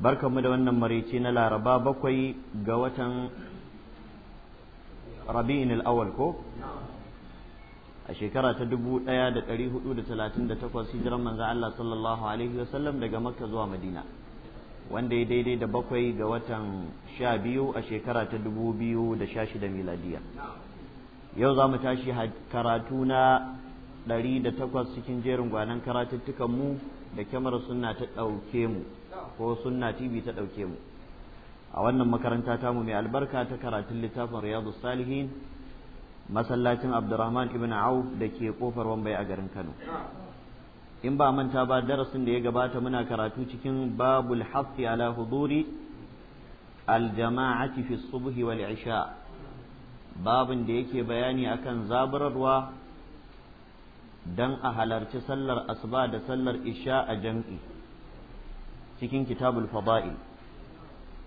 Barka mu da wannan maraice na laraba bakwai ga watan rabi'in al'awal ko a shekara ta dubu ɗaya da ɗari hudu da talatin da takwas hijiran manzo Allah sallallahu alaihi wasallam daga makka zuwa madina wanda ya daidai da bakwai ga watan sha biyu a shekara ta dubu biyu da sha shida miladiya yau za mu tashi karatu na ɗari da takwas cikin jerin gwanan karatuttukan mu da kyamar suna ta ɗauke mu ko sunna tv ta ɗauke mu a wannan makaranta ta mu mai albarka ta karatun littafin riyadu salihin masallacin abdurrahman ibn auf da ke kofar wambai a garin kano in ba manta ba darasin da ya gabata muna karatu cikin babul hafi ala huduri aljama'ati fi subhi wal isha babin da yake bayani akan zaburarwa dan a halarci sallar asuba da sallar isha a jam'i cikin kitabul fada'il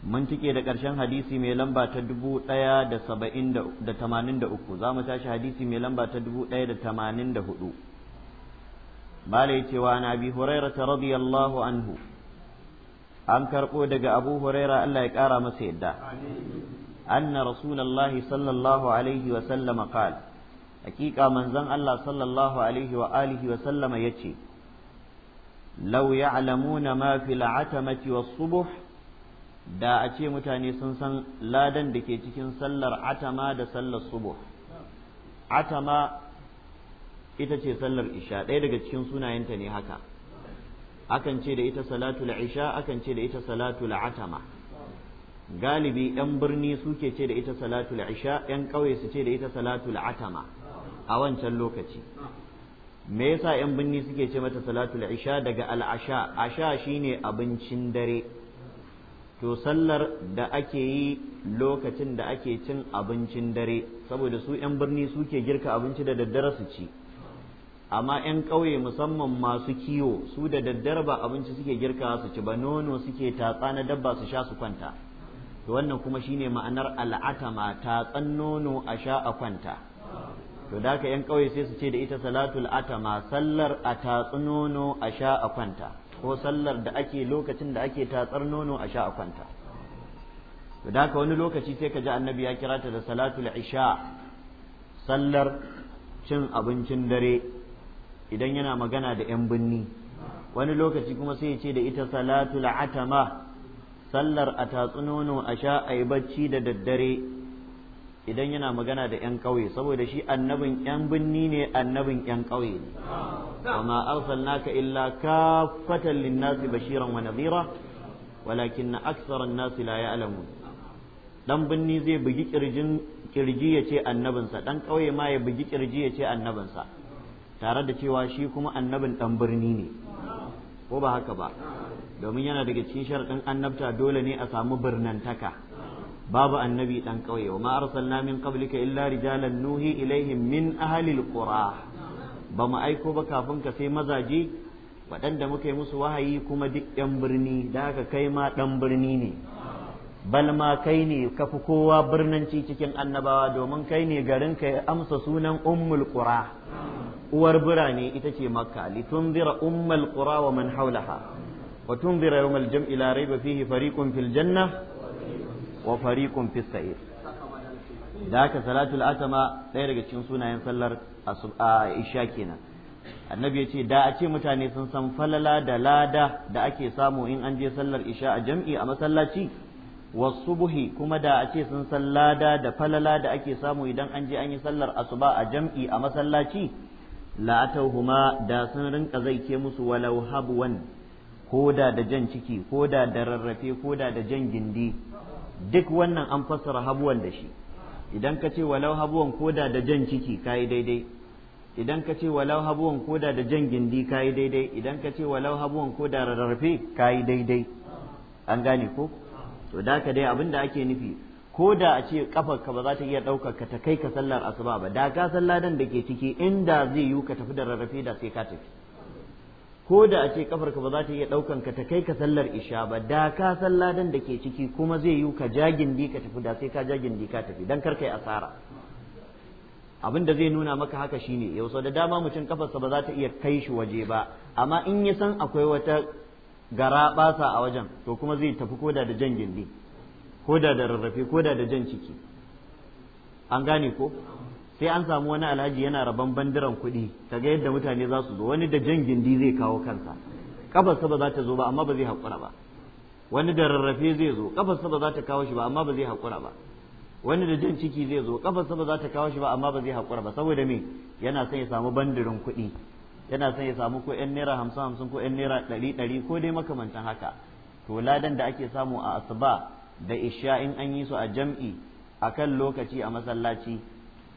mun tike da ƙarshen hadisi mai lamba ta dubu ɗaya da saba'in da tamanin da uku za mu tashi hadisi mai lamba ta dubu ɗaya da tamanin da hudu bala ya cewa na bi huraira ta radiyallahu anhu an karɓo daga abu huraira allah ya ƙara masa yadda anna Rasulallah sallallahu alaihi wa sallama qala hakika manzon allah sallallahu alaihi wa alihi wa sallama ya ce Lauya ya'lamuna ma fil atamati was subuh da a ce mutane sun san ladan da ke cikin sallar atama da sallar subuh atama ita ce sallar isha daga cikin sunayenta ne haka akan ce da ita salatul isha akan ce da ita salatul atama galibi yan birni suke ce da ita salatul isha yan ƙauye su ce da ita salatul atama a wancan lokaci me yasa yan binni suke ce mata salatul isha daga al'asha asha shine abincin dare to sallar da ake yi lokacin da ake cin abincin dare saboda su yan birni suke girka abinci da daddare su ci amma yan ƙauye musamman masu kiwo su da daddare ba abinci suke girka su ci ba nono suke tatsa na dabba su sha su kwanta to wannan kuma shine ma'anar al'atama tatsan nono a sha a kwanta to da haka yan ƙauye sai su ce da ita salatul atama sallar a tatsi a sha a kwanta ko sallar da ake lokacin da ake tatsar nono a sha a kwanta to da haka wani lokaci sai ka ji annabi ya kira ta da salatul isha sallar cin abincin dare idan yana magana da yan binni wani lokaci kuma sai ya ce da ita salatul atama sallar a tatsi nono a sha a yi bacci da daddare idan yana magana da yan ƙauye saboda shi annabin yan binni ne annabin yan ƙauye ne amma arsalnaka illa kaffatan linnasi bashiran wa nadhira walakinna aktharan nasi la ya'lamun dan binni zai bugi kirjin kirji ya ce annabinsa dan ƙauye ma ya bugi kirji ya ce annabinsa tare da cewa shi kuma annabin dan birni ne ko ba haka ba domin yana daga cikin sharaɗin annabta dole ne a samu birnantaka babu annabi dan kauye wa ma arsalna min qablika illa rijalan nuhi ilaihim min ahli alqura ba mu aiko ba kafin ka sai mazaje waɗanda muka yi musu wahayi kuma duk yan birni da haka kai ma ɗan birni ne bal ma kai ne ka fi kowa birnanci cikin annabawa domin kai ne garin ka ya amsa sunan ummul uwar birane ita ce makka litunzira ummul qura wa man haulaha wa tunzira yawmal jam'i la rayba fihi fariqun fil wa fariqun fi sa'ir da haka salatul atama ɗaya daga cikin sunayen sallar isha kenan annabi ya ce da a ce mutane sun san falala da lada da ake samu in an je sallar isha a jam'i a masallaci buhi kuma da a ce sun san lada da falala da ake samu idan an je an yi sallar asuba a jam'i a masallaci huma da sun rinka zai ke musu walau habwan koda da jan ciki koda da rarrafe koda da jan gindi duk wannan an fassara habuwan da shi idan ka ce walau habuwan koda da jan ciki kayi daidai idan ka ce walau habuwan koda da jan gindi kayi daidai idan ka ce walau habuwan koda da rarrafe kayi daidai an gane ko to da ka dai abin da ake nufi ko da a ce kafar ka ba za ta iya ɗaukar ka ta kai ka sallar asuba ba da ka salladan da ke ciki inda zai yiwu ka tafi da rarrafe da sai ka tafi ko da a ce kafarka ba za ta iya ɗaukan ka ta kai ka sallar isha ba da ka san ladan da ke ciki kuma zai yi ka jagin di ka tafi da sai ka jagin di ka tafi dan kar kai asara abin da zai nuna maka haka shine yau sau da dama mutum kafarsa ba za ta iya kai shi waje ba amma in ya san akwai wata gara basa a wajen to kuma zai tafi koda da jan gindi koda da rarrafe koda da jan ciki an gane ko sai an samu wani alhaji yana rabon bandiran kuɗi kaga yadda mutane za su zo wani da jan gindi zai kawo kansa kafarsa ba za ta zo ba amma ba zai haƙura ba wani da rarrafe zai zo kafarsa ba za ta kawo shi ba amma ba zai haƙura ba wani da jan ciki zai zo kafarsa ba za ta kawo shi ba amma ba zai haƙura ba saboda me yana son ya samu bandirin kuɗi yana son ya samu ko yan naira hamsin hamsin ko yan naira ɗari ɗari ko dai makamantan haka to ladan da ake samu a asuba da isha in an yi su a jam'i akan lokaci a masallaci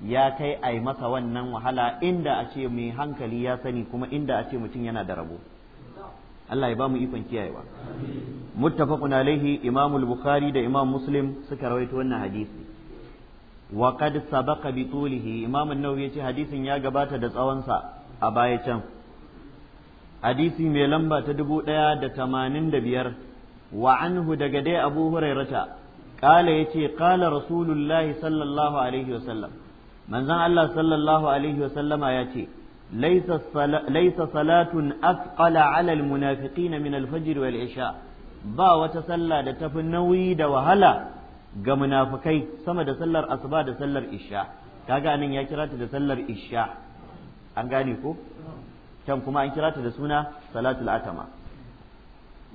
ya kai a masa wannan wahala inda a ce mai hankali ya sani kuma inda a ce mutum yana da rabo Allah ya ba mu ikon kiyayewa muttafaqun alaihi imamu al-bukhari da imam muslim suka rawaito wannan hadisi wa qad sabaqa bi tulihi imam an-nawawi yace hadisin ya gabata da tsawonsa a baya can hadisi mai lamba ta dubu ɗaya da tamanin da biyar wa anhu daga dai abu hurairata ƙala ya ce ƙala rasulullahi sallallahu alaihi wasallam manzon Allah sallallahu alaihi wa sallama ya ce laisa salatun asqala ala almunafiqina min alfajr wal isha ba wata sallah da tafi nauyi da wahala ga munafikai sama da sallar asuba da sallar isha kaga anan ya kira ta da sallar isha an gane ko can kuma an kira ta da suna salatul atama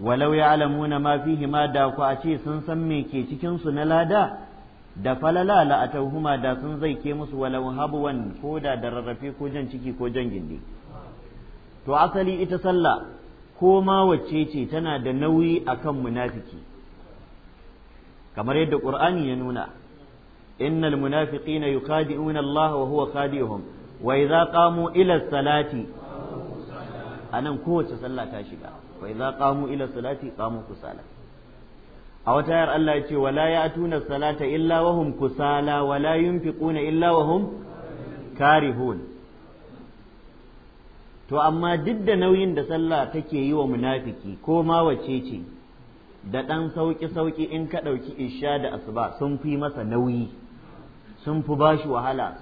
walau alamuna ma fihi ma da ku a ce sun san me ke cikin su na lada da falala tauhuma da sun zai ke musu walau habuwan ko da da rarrafe ko jan ciki ko jan gindi to asali ita sallah ko ma wacce ce tana da nauyi akan munafiki kamar yadda ƙur'ani ya nuna innal munafiqina yukhadi'una Allah wa huwa khadi'uhum wa idza qamu ila salati anan kowace sallah ta shiga wa idza qamu ila salati qamu kusala a wata yar Allah ya ce wala ya tuna salata illa wa hum kusala wala yunfiquna illa wa karihun to amma duk da nauyin da sallah take yi wa munafiki ko ma wace ce da ɗan sauƙi-sauƙi in ka ɗauki isha da asuba sun fi masa nauyi sun fi ba shi wahala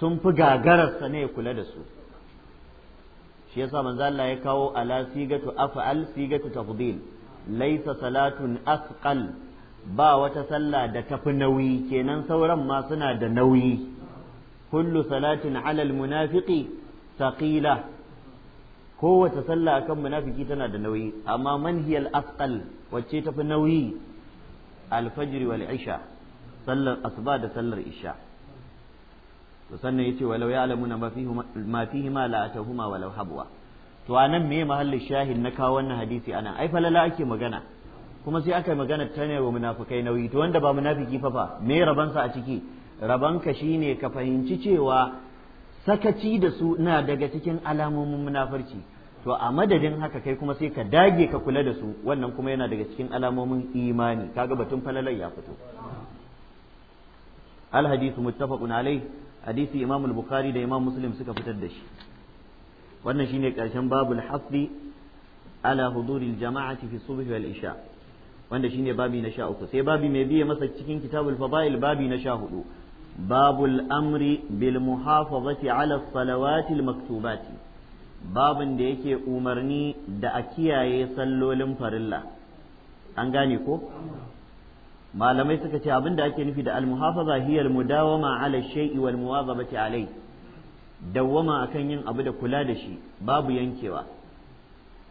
sun fi gagararsa ne kula da su shi yasa manzo Allah ya kawo ala sigatu af'al sigatu tafdil laisa salatun asqal ba wata sallah da tafi nauyi kenan sauran ma suna da nauyi kullu salatin alal munafiqi saqila kowace sallah akan munafiki tana da nauyi amma man hiya al wacce tafi nauyi al-fajr wal isha sallar asuba da sallar isha to sannan yace walau ya'lamuna ma fihi ma la atahuma walau habwa to anan me mahallin shahid na kawo wannan hadisi ana. ai falala ake magana kuma sai aka yi magana ta ne wa munafikai nauyi to wanda ba munafiki fa fa me rabansa a ciki rabanka shine ka fahimci cewa sakaci da su na daga cikin alamomin munafurci to a madadin haka kai kuma sai ka dage ka kula da su wannan kuma yana daga cikin alamomin imani kaga batun falalar ya fito al hadithu muttafaqun alai hadisi imam al-bukhari da imam muslim suka fitar da shi wannan shine karshen babul hafdi ala huduril jama'ati fi subhi wal isha wanda shine babi na sha sai babi mai biye masa cikin kitabul fadail babi na sha hudu babul amri bil muhafazati ala salawatil maktubati babin da yake umarni da a kiyaye sallolin farilla an gane ko malamai suka ce abin da ake nufi da al muhafaza hiyar mudawama ala shay'i wal muwazabati alayhi dawwama akan yin abu da kula da shi babu yankewa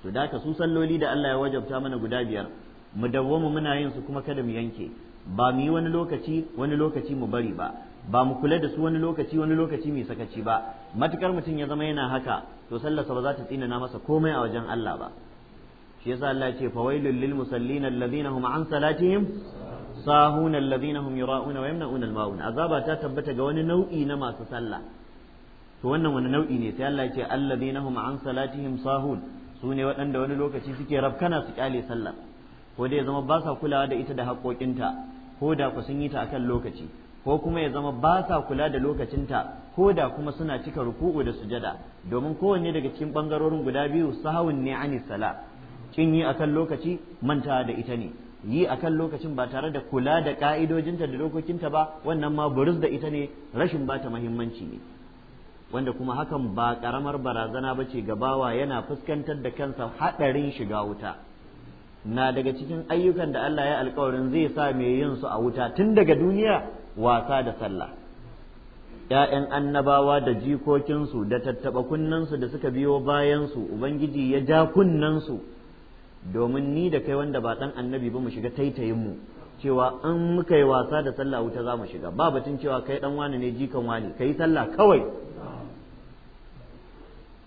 to da ka su salloli da Allah ya wajabta mana guda biyar mu dawwama muna yin su kuma kada mu yanke ba mu yi wani lokaci wani lokaci mu bari ba ba mu kula da su wani lokaci wani lokaci mai sakaci ba matukar mutum ya zama yana haka to sallarsa ba za ta tsina na masa komai a wajen Allah ba shi yasa Allah ya ce fawailul lil musallin alladhina hum an salatihim sahuna alladhina hum yura'una wa yamna'una al-ma'un azaba ta tabbata ga wani nau'i na masu sallah to wannan wani nau'i ne sai Allah ya ce alladhina hum an salatihim sahun su ne waɗanda wani lokaci suke rabkana su kyale sallah ko da ya zama ba sa kulawa da ita da haƙoƙinta ko da ku sun yi ta akan lokaci ko kuma ya zama ba sa kula da lokacinta ko da kuma suna cika ruku'u da sujada domin kowanne daga cikin bangarorin guda biyu sahun ne ani sala kin yi akan lokaci manta da ita ne yi akan lokacin ba tare da kula da ka'idojinta da dokokinta ba wannan ma buruz da ita ne rashin bata muhimmanci ne wanda kuma hakan ba karamar barazana ba ce gabawa yana fuskantar da kansa haɗarin shiga wuta na daga cikin ayyukan da Allah ya alkawarin zai sa mai yin su a wuta tun daga duniya wasa da sallah ‘ya'yan annabawa da jikokinsu da tattaɓa kunnensu da suka biyo bayansu ubangiji ya ja kunnensu domin ni da kai wanda ba dan annabi ba mu shiga taitayin mu cewa an muka yi wasa da sallah wuta za mu shiga ba batun cewa kai ɗan wani ne jikan wani ka sallah kawai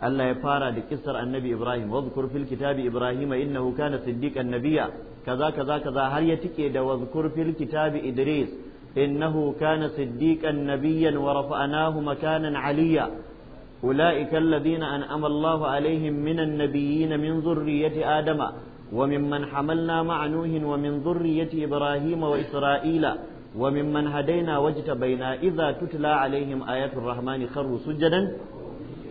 Allah ya fara da kissar annabi Ibrahim wazkur fil kitabi Ibrahim innahu kana siddiqan nabiyya kaza kaza kaza har ya tike da wazkur fil kitabi Idris innahu kana siddiqan nabiyyan wa rafa'nahu makanan aliyya أولئك الذين أنعم الله عليهم من النبيين من ذرية آدم وممن حملنا مع نوح ومن ذرية إبراهيم وإسرائيل وممن هدينا واجتبينا إذا تتلى عليهم آيات الرحمن خروا سجدا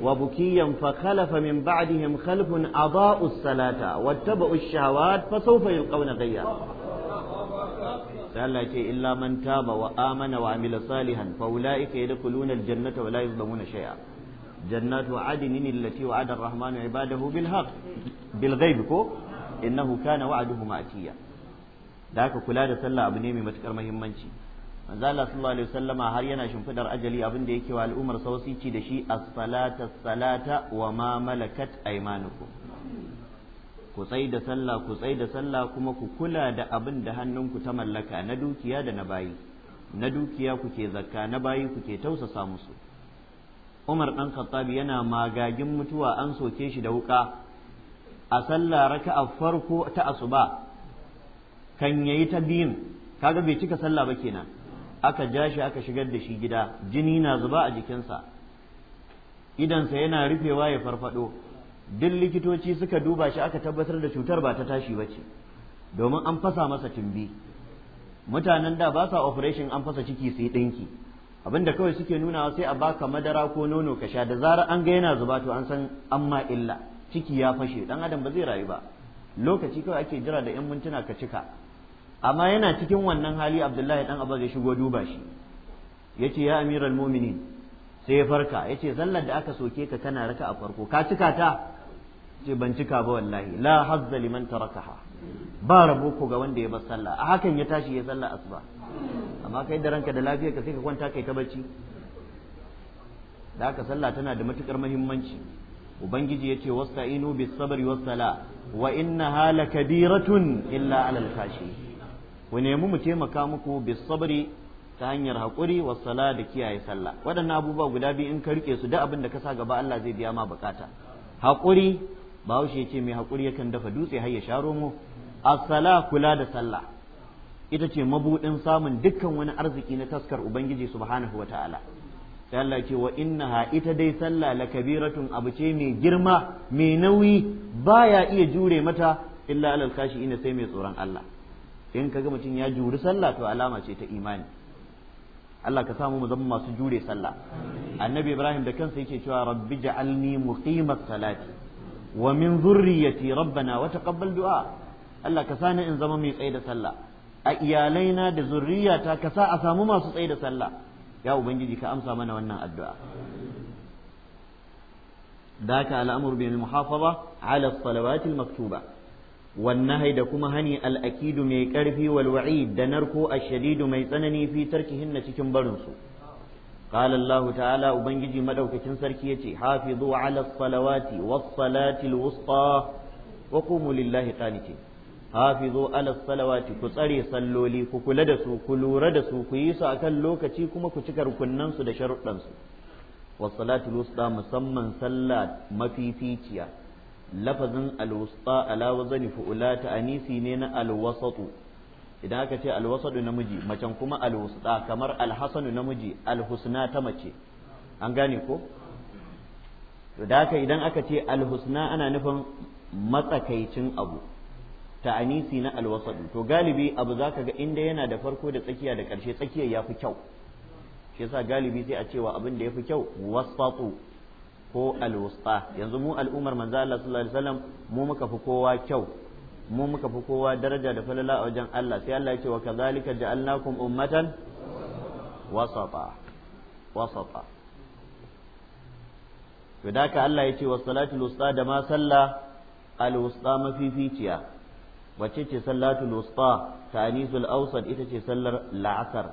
وبكيا فخلف من بعدهم خلف أضاءوا الصلاة واتبعوا الشهوات فسوف يلقون غيا قال شيء إلا من تاب وآمن وعمل صالحا فأولئك يدخلون الجنة ولا يظلمون شيئا جنات عدن التي وعد الرحمن عباده بالحق بالغيب كو إنه كان وعده مأتيا ذاك كلا da sallah abu ne mai matukar muhimmanci manzo Allah sallallahu alaihi wasallama har yana shimfidar ajali abin da yake wa al'ummar sa da shi as-salata salata wa ma malakat aymanukum ku tsai da sallah ku tsai da sallah kuma ku kula da abin da hannunku ta mallaka na dukiya da na bayi na dukiya kuke zakka na bayi kuke tausasa musu Umar dan Khattabi yana magagin mutuwa an soke shi da wuka a sallah raka'a farko ta asuba kan yayi ta biyun kaga bai cika sallah ba kenan aka ja shi aka shigar da shi gida jini na zuba a jikinsa idansa yana rufewa ya farfado duk likitoci suka duba shi aka tabbatar da cutar ba ta tashi ba ce domin an fasa masa tumbi mutanen da ba sa operation an fasa ciki su yi ɗinki abinda kawai suke nunawa sai a baka madara ko nono ka sha da zarar an ga yana zuba to an san an ma illa ciki ya fashe dan adam ba zai rayu ba lokaci kawai ake jira da 'yan mintuna ka cika amma yana cikin wannan hali abdullahi dan abbas ya shigo duba shi yace ya amiral mu'minin sai ya farka yace sallar da aka soke ka kana raka a farko ka cika ta ce ban cika ba wallahi la hazza liman tarakaha ba rabo ko ga wanda ya bar sallah a hakan ya tashi ya sallah asuba amma kai da ranka da lafiya ka sai ka kwanta kai ta bacci da aka sallah tana da matukar muhimmanci ubangiji yace wasta'inu bis sabri was sala wa innaha lakabiratun illa alal kashi ku nemi mu taimaka muku bis sabri ta hanyar hakuri wa sala da kiyaye sallah waɗannan abubuwa guda biyu in ka rike su duk abin da ka sa gaba Allah zai biya ma bukata haƙuri bahaushe ce mai hakuri yakan dafa dutse har ya sharo mu as-sala kula da sallah ita ce mabudin samun dukkan wani arziki na taskar ubangiji subhanahu wataala sai Allah ce wa innaha ita dai sallah la kabiratun abu ce mai girma mai nauyi baya iya jure mata illa alal kashi ina sai mai tsoron Allah in ka ga mutum ya juri sallah to alama ce ta imani Allah ka samu mu zama masu jure sallah annabi ibrahim da kansa yake cewa rabbi ja'alni muqimat salati wa min dhurriyyati rabbana wa taqabbal du'a Allah ka sani in zama mai tsaye da sallah a iyalaina da zurriyata ka sa a samu masu tsaye da sallah ya ubangiji ka amsa mana wannan addu'a ذاك الأمر بالمحافظة على الصلوات المكتوبة والنهي دكما هني الأكيد مي كرفي والوعيد دنركو الشديد مي تنني في تركهن تكن برنسو قال الله تعالى وبنجي مدوك تنسركيتي حافظوا على الصلوات والصلاة الوسطى وقوموا لله قانتين hafizu ala salawati ku tsare salloli ku kula da su ku lura da su ku yi su akan lokaci kuma ku cika rukunnan su da sharuɗan su was salatu musamman sallah mafificiya lafazin alwusta ala wazani fu'ula ta anisi ne na alwasatu idan aka ce alwasatu namiji macen kuma alwusta kamar alhasanu namiji alhusna ta mace an gane ko to da haka idan aka ce alhusna ana nufin matsakaicin abu ta anisi na alwasatu to galibi abu zaka ga inda yana da farko da tsakiya da ƙarshe tsakiyar ya fi kyau shi yasa galibi sai a cewa abin da ya fi kyau wasfatu ko alwusta yanzu mu al'ummar manzo Allah sallallahu alaihi wasallam mu muka fi kowa kyau mu muka fi kowa daraja da falala a wajen Allah sai Allah ya ce wa kadhalika ja'alnakum ummatan wasata wasata to da ka Allah ya ce was salatul wusta da ma sallah al wusta mafificiya wacce ce salatul wusta ta'anisul awsad ita ce sallar la'asar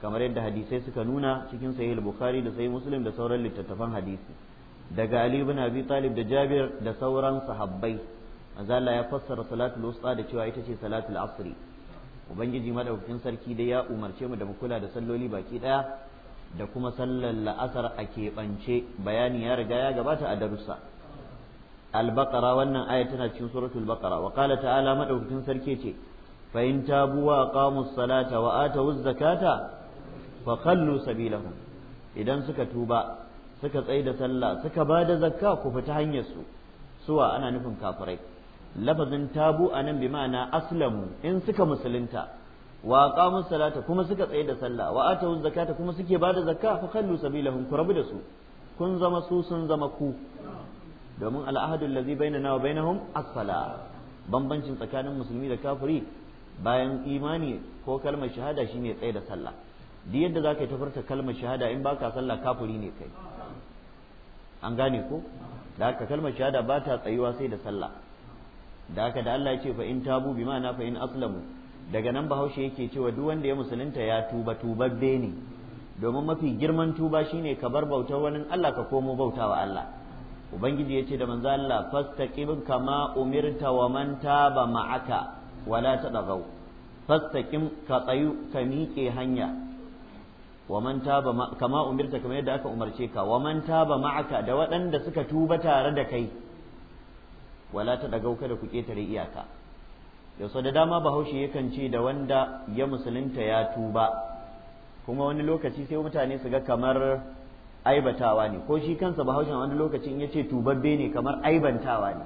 kamar yadda hadisai suka nuna cikin sahih al-bukhari da sahih muslim da sauran littattafan hadisi daga Ali ibn Abi Talib da Jabir da sauran sahabbai manzo ya fassara salatul wusta da cewa ita ce salatul asri ubangiji madaukakin sarki dai ya umarce mu da mu kula da salloli baki daya da kuma sallar la'asar a keɓance bayani ya riga ya gabata a darussa al wannan aya tana cikin suratul baqara wa qala ta'ala madaukakin sarki ce fa in tabu wa aqamu salata wa atu zakata fa khallu sabilahum idan suka tuba suka tsaye da sallah suka ba da zakka ku fita hanyar su suwa ana nufin kafirai lafazin tabu a nan bi ma'ana aslamu in suka musulunta wa aqamu salata kuma suka tsaye da sallah wa atu zakata kuma suke ba da zakka fa kallu sabilahum ku rabu da su kun zama su sun zama ku domin al'ahadul ladzi bainana wa bainahum as-sala bambancin tsakanin musulmi da kafiri bayan imani ko kalmar shahada shine tsaye da sallah duk yadda zaka yi ta furta kalmar shahada in baka sallah kafiri ne kai an gane ko da haka kalmar shahada ba ta tsayuwa sai da sallah da haka da Allah ya ce fa in tabu bi ma'ana fa in aslamu daga nan bahaushe yake cewa duk wanda ya musulunta ya tuba tubabbe ne domin mafi girman tuba shine ka bar bautar wani Allah ka komo wa Allah ubangiji ya ce da manzo Allah fastaqim kama umirta wa man taba ma'aka wala tadagaw fastaqim ka tsayu ka miƙe hanya wa man taba kama umirta kamar yadda aka umarce ka wa man taba ma'aka da waɗanda suka tuba tare da kai wala ta daga da ku ketare iyaka yau da dama bahaushe yakan ce da wanda ya musulunta ya tuba kuma wani lokaci sai mutane su ga kamar aibatawa ne ko shi kansa bahaushen wani lokaci in ya ce tubabbe ne kamar aibantawa ne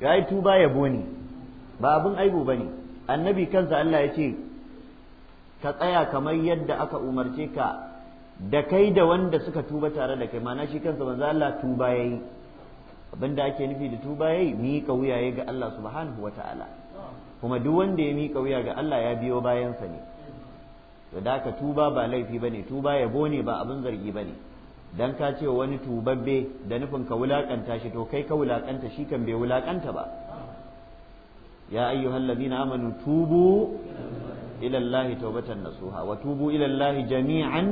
ya yi tuba yabo ne ba abin aibu bane annabi kansa Allah ya ce ka tsaya kamar yadda aka umarce ka da kai da wanda suka tuba tare da kai mana shi kansa manzo Allah tuba yayi abinda ake nufi da tuba yayi miƙa wuya ga Allah subhanahu wataala kuma duk wanda ya miƙa wuya ga Allah ya biyo bayansa ne to da ka tuba ba laifi bane tuba ya bone ba abin zargi bane dan ka ce wani tubabbe da nufin ka wulakanta shi to kai ka wulakanta shi kan bai wulakanta ba ya ayyuhallazina amanu tubu ila Allah tawbatan nasuha wa tubu ila jami'an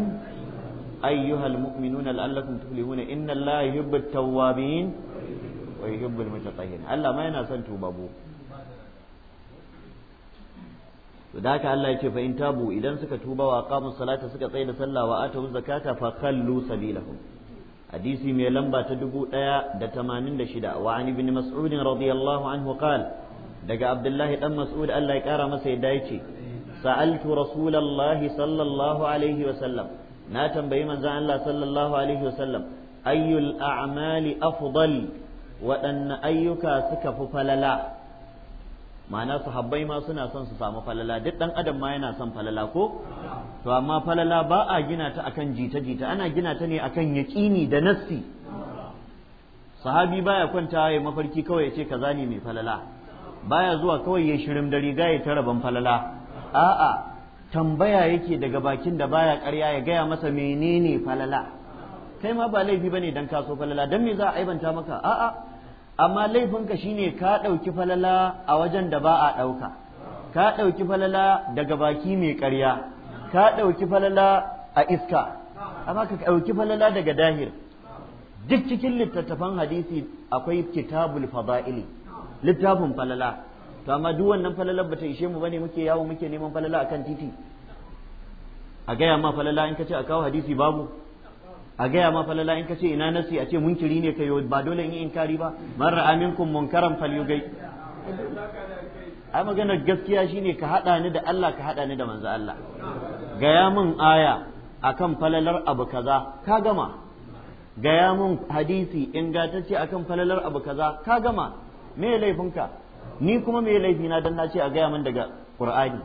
ayyuha almu'minuna la'allakum tuflihuna inna Allah yuhibbu at-tawwabin wa yuhibbu al-mutatahhirin Allah yana son tubabu to da haka Allah yake fa in tabu idan suka tuba wa aqamu salata suka tsaya da sallah wa atu zakata fa khallu sabilahum hadisi mai lamba ta dubu ɗaya da tamanin da shida wa an anhu daga abdullahi dan mas'ud Allah ya kara masa yadda sa'altu rasulallahi sallallahu alaihi wasallam na tambayi manzon Allah sallallahu alaihi wasallam ayyul a'mali afdal waɗanne ayyuka suka fi falala ma'ana sahabbai ma suna son su samu falala duk ɗan adam ma yana son falala ko to amma falala ba a gina ta akan jita-jita ana gina ta ne akan yaƙini da nasti sahabi baya kwantawa ya mafarki kawai ya ce kaza ne mai falala baya zuwa kawai ya shirin da riga ya tara ban falala a'a tambaya yake daga bakin da baya ƙarya ya gaya masa menene falala kai ma ba laifi bane dan ka so falala dan me za a aibanta maka a'a amma laifinka shine ka ɗauki falala a wajen da ba a ɗauka ka ɗauki falala daga baki mai ƙarya ka ɗauki falala a iska amma ka ɗauki falala daga dahir duk cikin littattafan hadisi akwai kitabul fada'ili littafin falala to amma duk wannan falalar bata ishe mu bane muke yawo muke neman falala akan titi a gaya ma falala in ka ce a kawo hadisi babu a gaya ma falala in ka ce ina nasi a ce munkiri ne kai ba dole in yi inkari ba man ra'a minkum munkaran falyugai ai maganar gaskiya shine ka hada ni da Allah ka hada ni da manzo Allah gaya min aya akan falalar abu kaza ka gama gaya min hadisi ingantacce akan falalar abu kaza ka gama me laifinka ni kuma me laifi na dan nace a gaya min daga qur'ani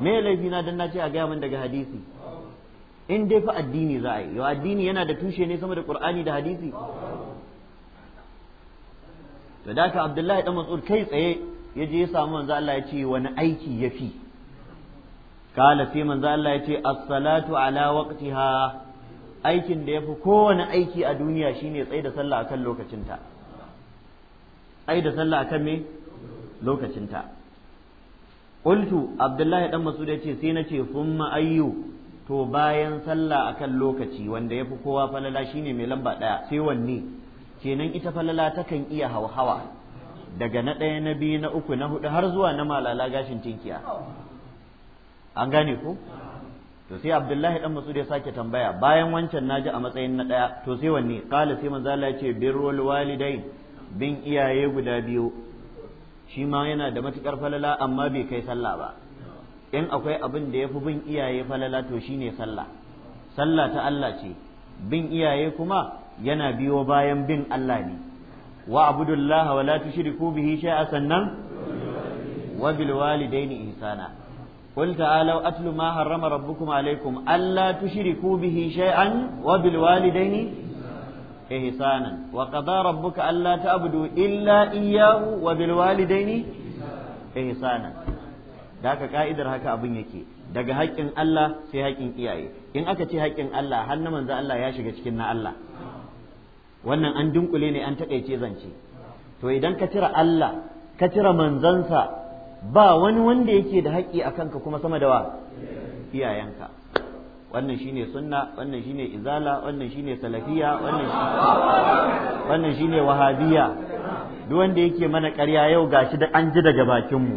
me laifi na dan nace a gaya min daga hadisi in dai fa addini za a yi yau addini yana da tushe ne sama da qur'ani da hadisi to da ka abdullahi dan mas'ud kai tsaye ya je ya samu manzo Allah ya ce wani aiki yafi kala sai manzo Allah ya ce as-salatu ala waqtiha aikin da yafi kowane aiki a duniya shine tsaye da sallah akan lokacinta ai da sallah akan me lokacinta qultu abdullahi dan masud ce sai nace summa ayyu to bayan sallah akan lokaci wanda yafi kowa falala shine mai lamba ɗaya, sai wanne kenan ita falala takan iya hauhawa daga na ɗaya na biyu na uku na hudu har zuwa na malala gashin tinkiya an gane ko to sai abdullahi dan masud ya sake tambaya bayan wancan naji a matsayin na daya to sai wanne qala sai maza yace ya ce birrul walidain bin iyaye guda biyu shi ma yana da matukar falala amma bai kai sallah ba in akwai abin da ya fi bin iyaye falala to shine sallah sallah ta Allah ce bin iyaye kuma yana biyo bayan bin Allah ne wa abudullaha wa la tushriku bihi shay'a sannan wa bil walidaini ihsana قل تعالوا أتل ما حرم ربكم عليكم ألا تشركوا به شيئا وبالوالدين إحسانا wa ربك ألا alla إلا illa iyyahu wa bil walidaini ihsanan da haka ka'idar haka abin yake daga haƙƙin Allah sai haƙƙin iyaye in aka ce haƙƙin Allah har na manzo Allah ya shiga cikin na Allah wannan an dunkule ne an taƙaice zance to idan ka tira Allah ka tira manzansa ba wani wanda yake da haƙƙi a kanka kuma sama da wa iyayenka wannan shine sunna wannan shine izala wannan shine salafiya wannan wannan shine wahabiya duk wanda yake mana ƙarya yau gashi da an ji daga bakin mu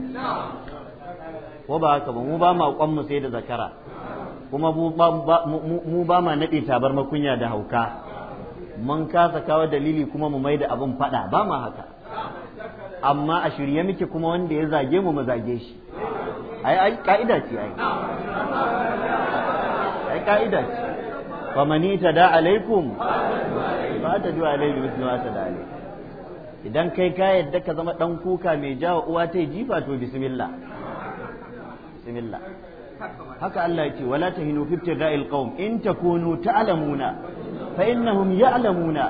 ko ba haka ba mu ba ma kwan mu sai da zakara kuma mu ba ma nade tabar makunya da hauka mun kasa kawo dalili kuma mu maida da abin fada ba ma haka amma a shirye muke kuma wanda ya zage mu mu zage shi ai ai ka'ida ce ai ai ka'ida ce fa mani da alaikum ba ta ju alaihi mislu ma tada alaikum idan kai ka yadda ka zama dan kuka mai jawo uwa ta jifa to bismillah bismillah haka Allah ya ce wala tahinu fi ibtida'il qaum in takunu ta'lamuna fa innahum ya'lamuna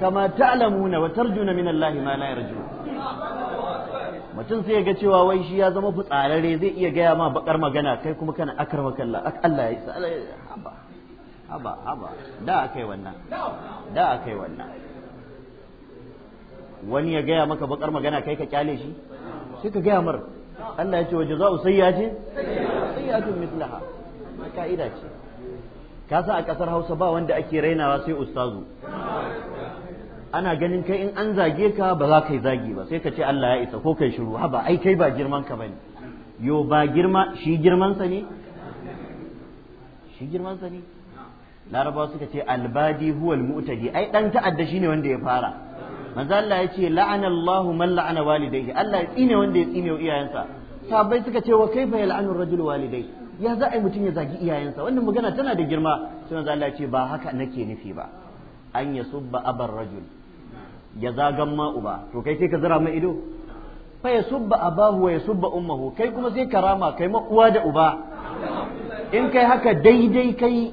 kama ta'lamuna wa tarjuna min Allah ma la yarjun mutum sai ya ga cewa wai shi ya zama fitsararre zai iya gaya ma bakar magana kai kuma kana akar makalla Allah ya sa haba haba haba da akai wannan da akai wannan wani ya gaya maka bakar magana kai ka kyale shi sai ka gaya mar Allah ya ce wa jaza'u sayya ce sayyatun mislaha ka'ida ce ka sa a kasar Hausa ba wanda ake rainawa sai ustazu ana ganin kai in an zage ka ba za ka yi zagi ba sai ka ce Allah ya isa ko kai shiru haba ai kai ba girman ka bane yo ba girma shi girman sa ne shi girman sa ne suka ce albadi huwal mu'tadi ai dan ta'adda shine wanda ya fara manzo Allah ya ce la'ana Allahu man la'ana walidayhi Allah ya tsine wanda ya tsine iyayensa sabai suka ce wa kaifa yal'anu ar walidai, ya za a yi mutum ya zagi iyayensa wannan magana tana da girma sai manzo Allah ya ce ba haka nake nufi ba an yasubba abar rajul ya zagan ma uba to kai sai ka zira mai ido fa ya subba abahu wa ya subba ummahu kai kuma sai ka rama kai ma uwa da uba in kai haka daidai kai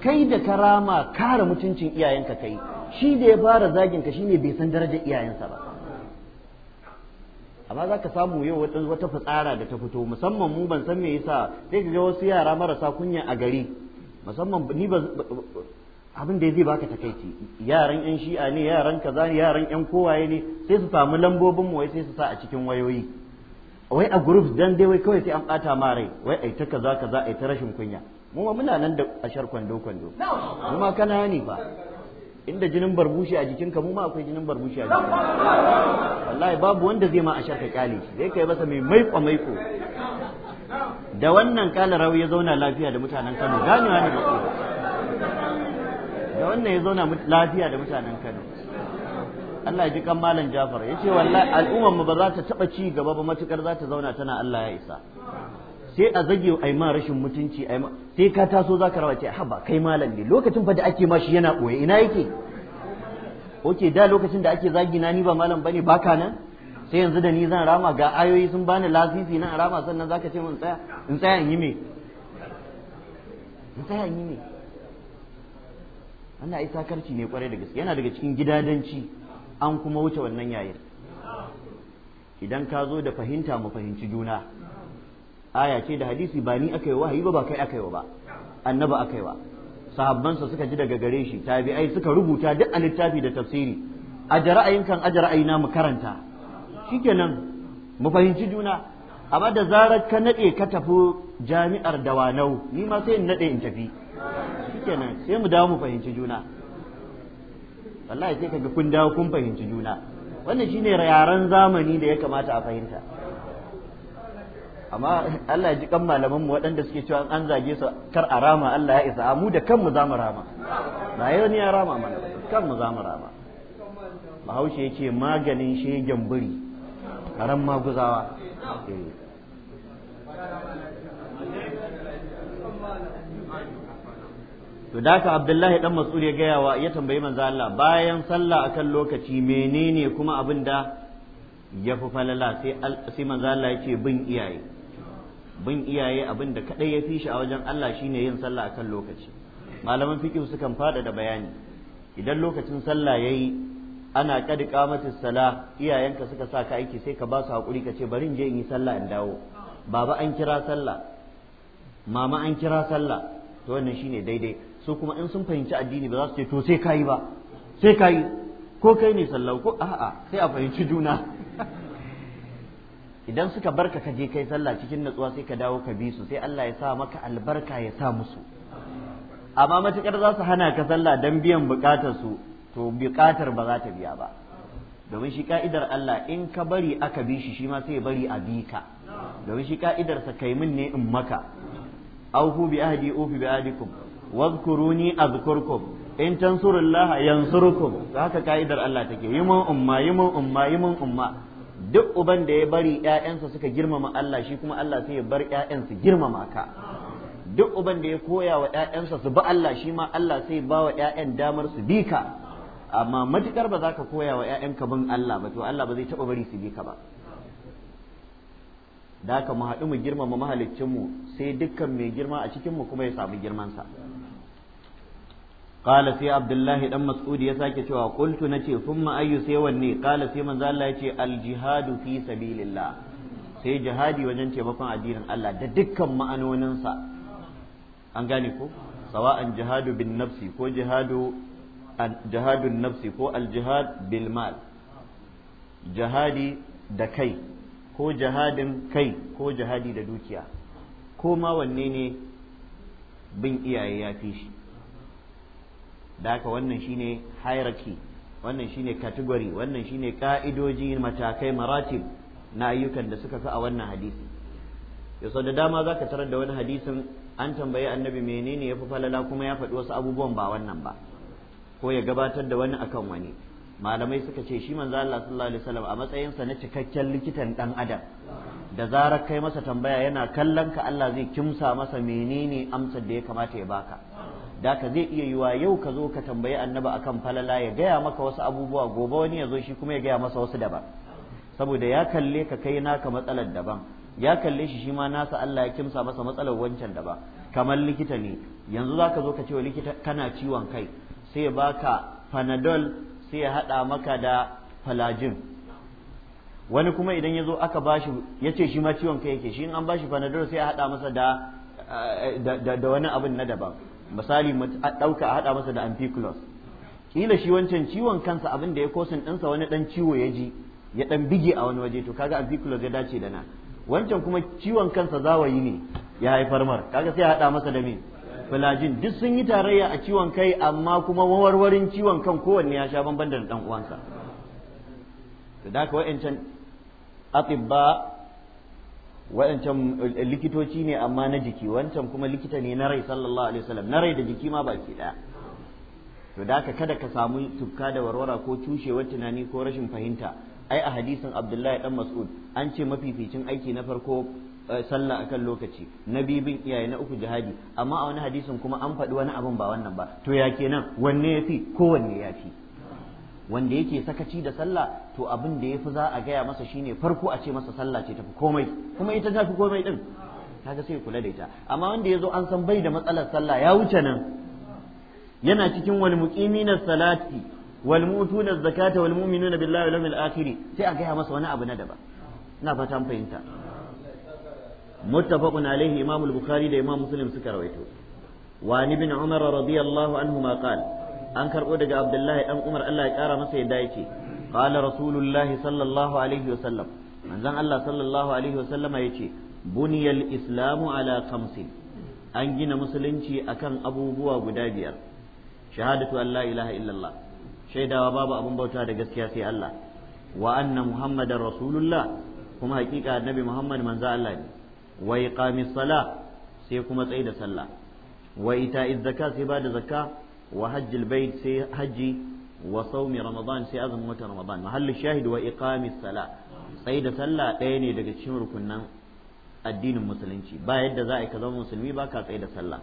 kai da karama kare mutuncin iyayenka kai shi da ya fara zagin ka shine bai san darajar iyayensa ba amma za ka samu yau wata fitsara da ta fito musamman mu ban san me yasa sai ka ga wasu yara marasa kunya a gari musamman ni ba abin da zai baka takaici yaran yan shi'a ne yaran kaza ne yaran yan kowaye ne sai su samu lambobin mu wai sai su sa a cikin wayoyi wai a group dan dai wai kawai sai an bata ma rai wai ai ta kaza kaza ai ta rashin kunya mu ma muna nan da ashar kwando kwando mu ma kana ne fa inda jinin barbushi a jikinka mu ma akwai jinin barbushi a jikinka wallahi babu wanda zai ma ashar ka kyale shi zai kai masa mai maiko maiko da wannan kala rawi ya zauna lafiya da mutanen Kano ganewa ne ba da wannan ya zauna lafiya da mutanen Kano Allah ya ji kan malam Jafar ya ce wallahi al'ummar mu ba za ta taba ci gaba ba matukar za ta zauna tana Allah ya isa sai a zage ai ma rashin mutunci ai sai ka taso za ka rawace haba kai malam ne lokacin fa da ake ma shi yana koye ina yake oke da lokacin da ake zagi na ni ba malam bane baka nan sai yanzu da ni zan rama ga ayoyi sun bani lasisi nan rama sannan zaka ce mun tsaya in tsaya in yi me in tsaya in yi me ana ai sakarci ne kwarai da gaske yana daga cikin gidadanci an kuma wuce wannan yayin idan ka zo da fahimta mu fahimci juna aya ce da hadisi ba ni aka yi wahayi ba ba kai aka yi ba annaba aka yi sahabbansa suka ji daga gare shi tabi'ai suka rubuta duk a littafi da tafsiri a ji kan a ji ra'ayina mu karanta shikenan mu fahimci juna amma da zarar ka naɗe ka tafi jami'ar dawanau ni ma sai in naɗe in tafi shikenan sai mu dawo mu fahimci juna wallahi sai kaga kun dawo kun fahimci juna wannan shine yaren zamani da ya kamata a fahimta amma Allah ji kan malaman mu waɗanda suke cewa an zage su kar a rama Allah ya isa mu da kanmu za mu rama ba yau ne ya rama mana kanmu za mu rama bahaushe ya ce maganin shegen biri karan maguzawa eh. to da ka abdullahi dan mas'ud ya gaya wa ya tambayi manzo Allah bayan sallah akan lokaci menene kuma abin da ya fi falala sai sai manzo Allah ya ce bin iyaye bin iyaye abin da kadai ya fi shi a wajen Allah shine yin sallah akan lokaci malaman fiqh sukan fada da bayani idan lokacin sallah yayi ana kadi qamatis sala iyayenka suka sa ka aiki sai ka ba su hakuri ka ce bari in je in yi sallah in dawo baba an kira sallah mama an kira sallah to wannan shine daidai su kuma in sun fahimci addini ba za su ce to sai kayi ba sai kayi ko kai ne sallau ko a'a sai a fahimci juna idan suka barka ka je kai sallah cikin natsuwa sai ka dawo ka bi su sai Allah ya sa maka albarka ya sa musu amma matukar za su hana ka sallah dan biyan bukatar su to bukatar ba za ta biya ba domin shi ka'idar Allah in ka bari aka bi shi shi ma sai ya bari a bi ka domin shi ka'idar sa kai min ne in maka auhu bi ahdi ufi bi ahdikum wazkuruni azkurkum in tansurullaha yansurukum to haka ka'idar Allah take yi mun umma yi mun umma yi mun umma duk uban da ya bari ƴaƴansa suka girmama Allah shi kuma Allah sai ya bar ƴaƴan girmama ka duk uban da ya koya wa ƴaƴansa su bi Allah shi ma Allah sai ba wa ƴaƴan damar su bi ka amma matukar ba za ka koya wa ƴaƴanka bin Allah ba to Allah ba zai taɓa bari su bi ka ba da haka mu haɗu mu girmama mahaliccinmu sai dukkan mai girma a cikinmu kuma ya samu girmansa. qala sai abdullahi dan mas'ud ya sake cewa qultu na thumma ayyu sai wanne qala sai manzo Allah yace fi sabilillah sai jihadi wajen taimakon addinin Allah da dukkan ma'anoninsa an gane ko sawa'an jihadu bin nafsi ko jihadu jihadun nafsi ko al jihad jihadi da kai ko jihadin kai ko jihadi da dukiya ko ma wanne ne bin iyaye ya fi shi da haka wannan shine hierarchy wannan shine category wannan shine ka'idoji matakai maratib na ayyukan da suka fi a wannan hadisi yau da dama za ka tarar da wani hadisin an tambayi annabi menene ya fi falala kuma ya faɗi wasu abubuwan ba wannan ba ko ya gabatar da wani akan wani malamai suka ce shi manzo Allah sallallahu alaihi wasallam a matsayinsa na cikakken likitan dan adam da zarar kai masa tambaya yana kallon ka Allah zai kimsa masa menene amsar da ya kamata ya baka da ka zai iya yiwa yau ka zo ka tambayi annaba akan falala ya gaya maka wasu abubuwa gobe wani ya zo shi kuma ya gaya masa wasu daban saboda ya kalle ka kai naka matsalar daban ya kalle shi shi ma nasa Allah ya kimsa masa matsalar wancan daban kamar likita ne yanzu za ka zo ka ce wa likita kana ciwon kai sai ya baka panadol sai ya haɗa maka da falajin wani kuma idan ya zo aka bashi ya ce shi ma ciwon kai yake shi in an bashi panadol sai ya haɗa masa eh, da da wani abin na daban misali mu ɗauka a haɗa masa da ampiclos kila shi wancan ciwon kansa abin da ya kosin ɗinsa wani ɗan ciwo ya ji ya ɗan bige a wani waje to kaga ampiclos ya dace da na wancan kuma ciwon kansa zawayi ne ya haifar mar kaga sai a haɗa masa da me filajin duk sun yi tarayya a ciwon kai amma kuma warwarin ciwon kan kowanne ya sha bamban da ɗan uwansa to da ka wa'ancan atibba waɗancan eh, likitoci ne amma na jiki wancan kuma likita ne na rai sallallahu alaihi wasallam na rai da jiki ma baki ɗaya to da haka kada ka samu tukka da warwara ko cushewar tunani ko rashin fahimta ai a hadisin abdullahi dan mas'ud an ce mafificin aiki na farko eh, sallah akan lokaci na bin iyaye na uku jihadi amma a wani hadisin kuma an faɗi wani abin ba wannan ba to ya kenan wanne yafi Kowanne wanne yafi wanda yake sakaci da sallah to abin da yafi za a gaya masa shine farko a ce masa sallah ce tafi komai kuma ita tafi komai din kaga sai kula da ita amma wanda yazo an san bai da matsalar sallah ya wuce nan yana cikin wal muqimina salati wal mutuna zakata wal mu'minuna billahi wal yawmil akhir sai a gaya masa wani abu na daban ina fata an fahimta muttafaqun alaihi imam al-bukhari da imam muslim suka rawaito wa ibn umar radiyallahu ma qala an karɓo daga abdullahi dan umar Allah ya kara masa yadda yake qala rasulullahi sallallahu alaihi wasallam manzon Allah sallallahu alaihi wasallam yace buniyal islamu ala khamsin an gina musulunci akan abubuwa guda biyar shahadatu an la ilaha illallah shaidawa babu abun bauta da gaskiya sai Allah wa anna muhammadar rasulullah kuma hakika annabi muhammad manzo Allah ne wa iqamis salah sai kuma tsaida sallah wa ita'iz zakka sai ba da zakka wa bai sai haji wa saumi ramadan sai azumin watan ramadan mahallu shahid wa iqamis sala sai da sallah ɗaya ne daga cikin rukunin addinin musulunci ba yadda za a yi ka zama musulmi ba ka tsaye da sallah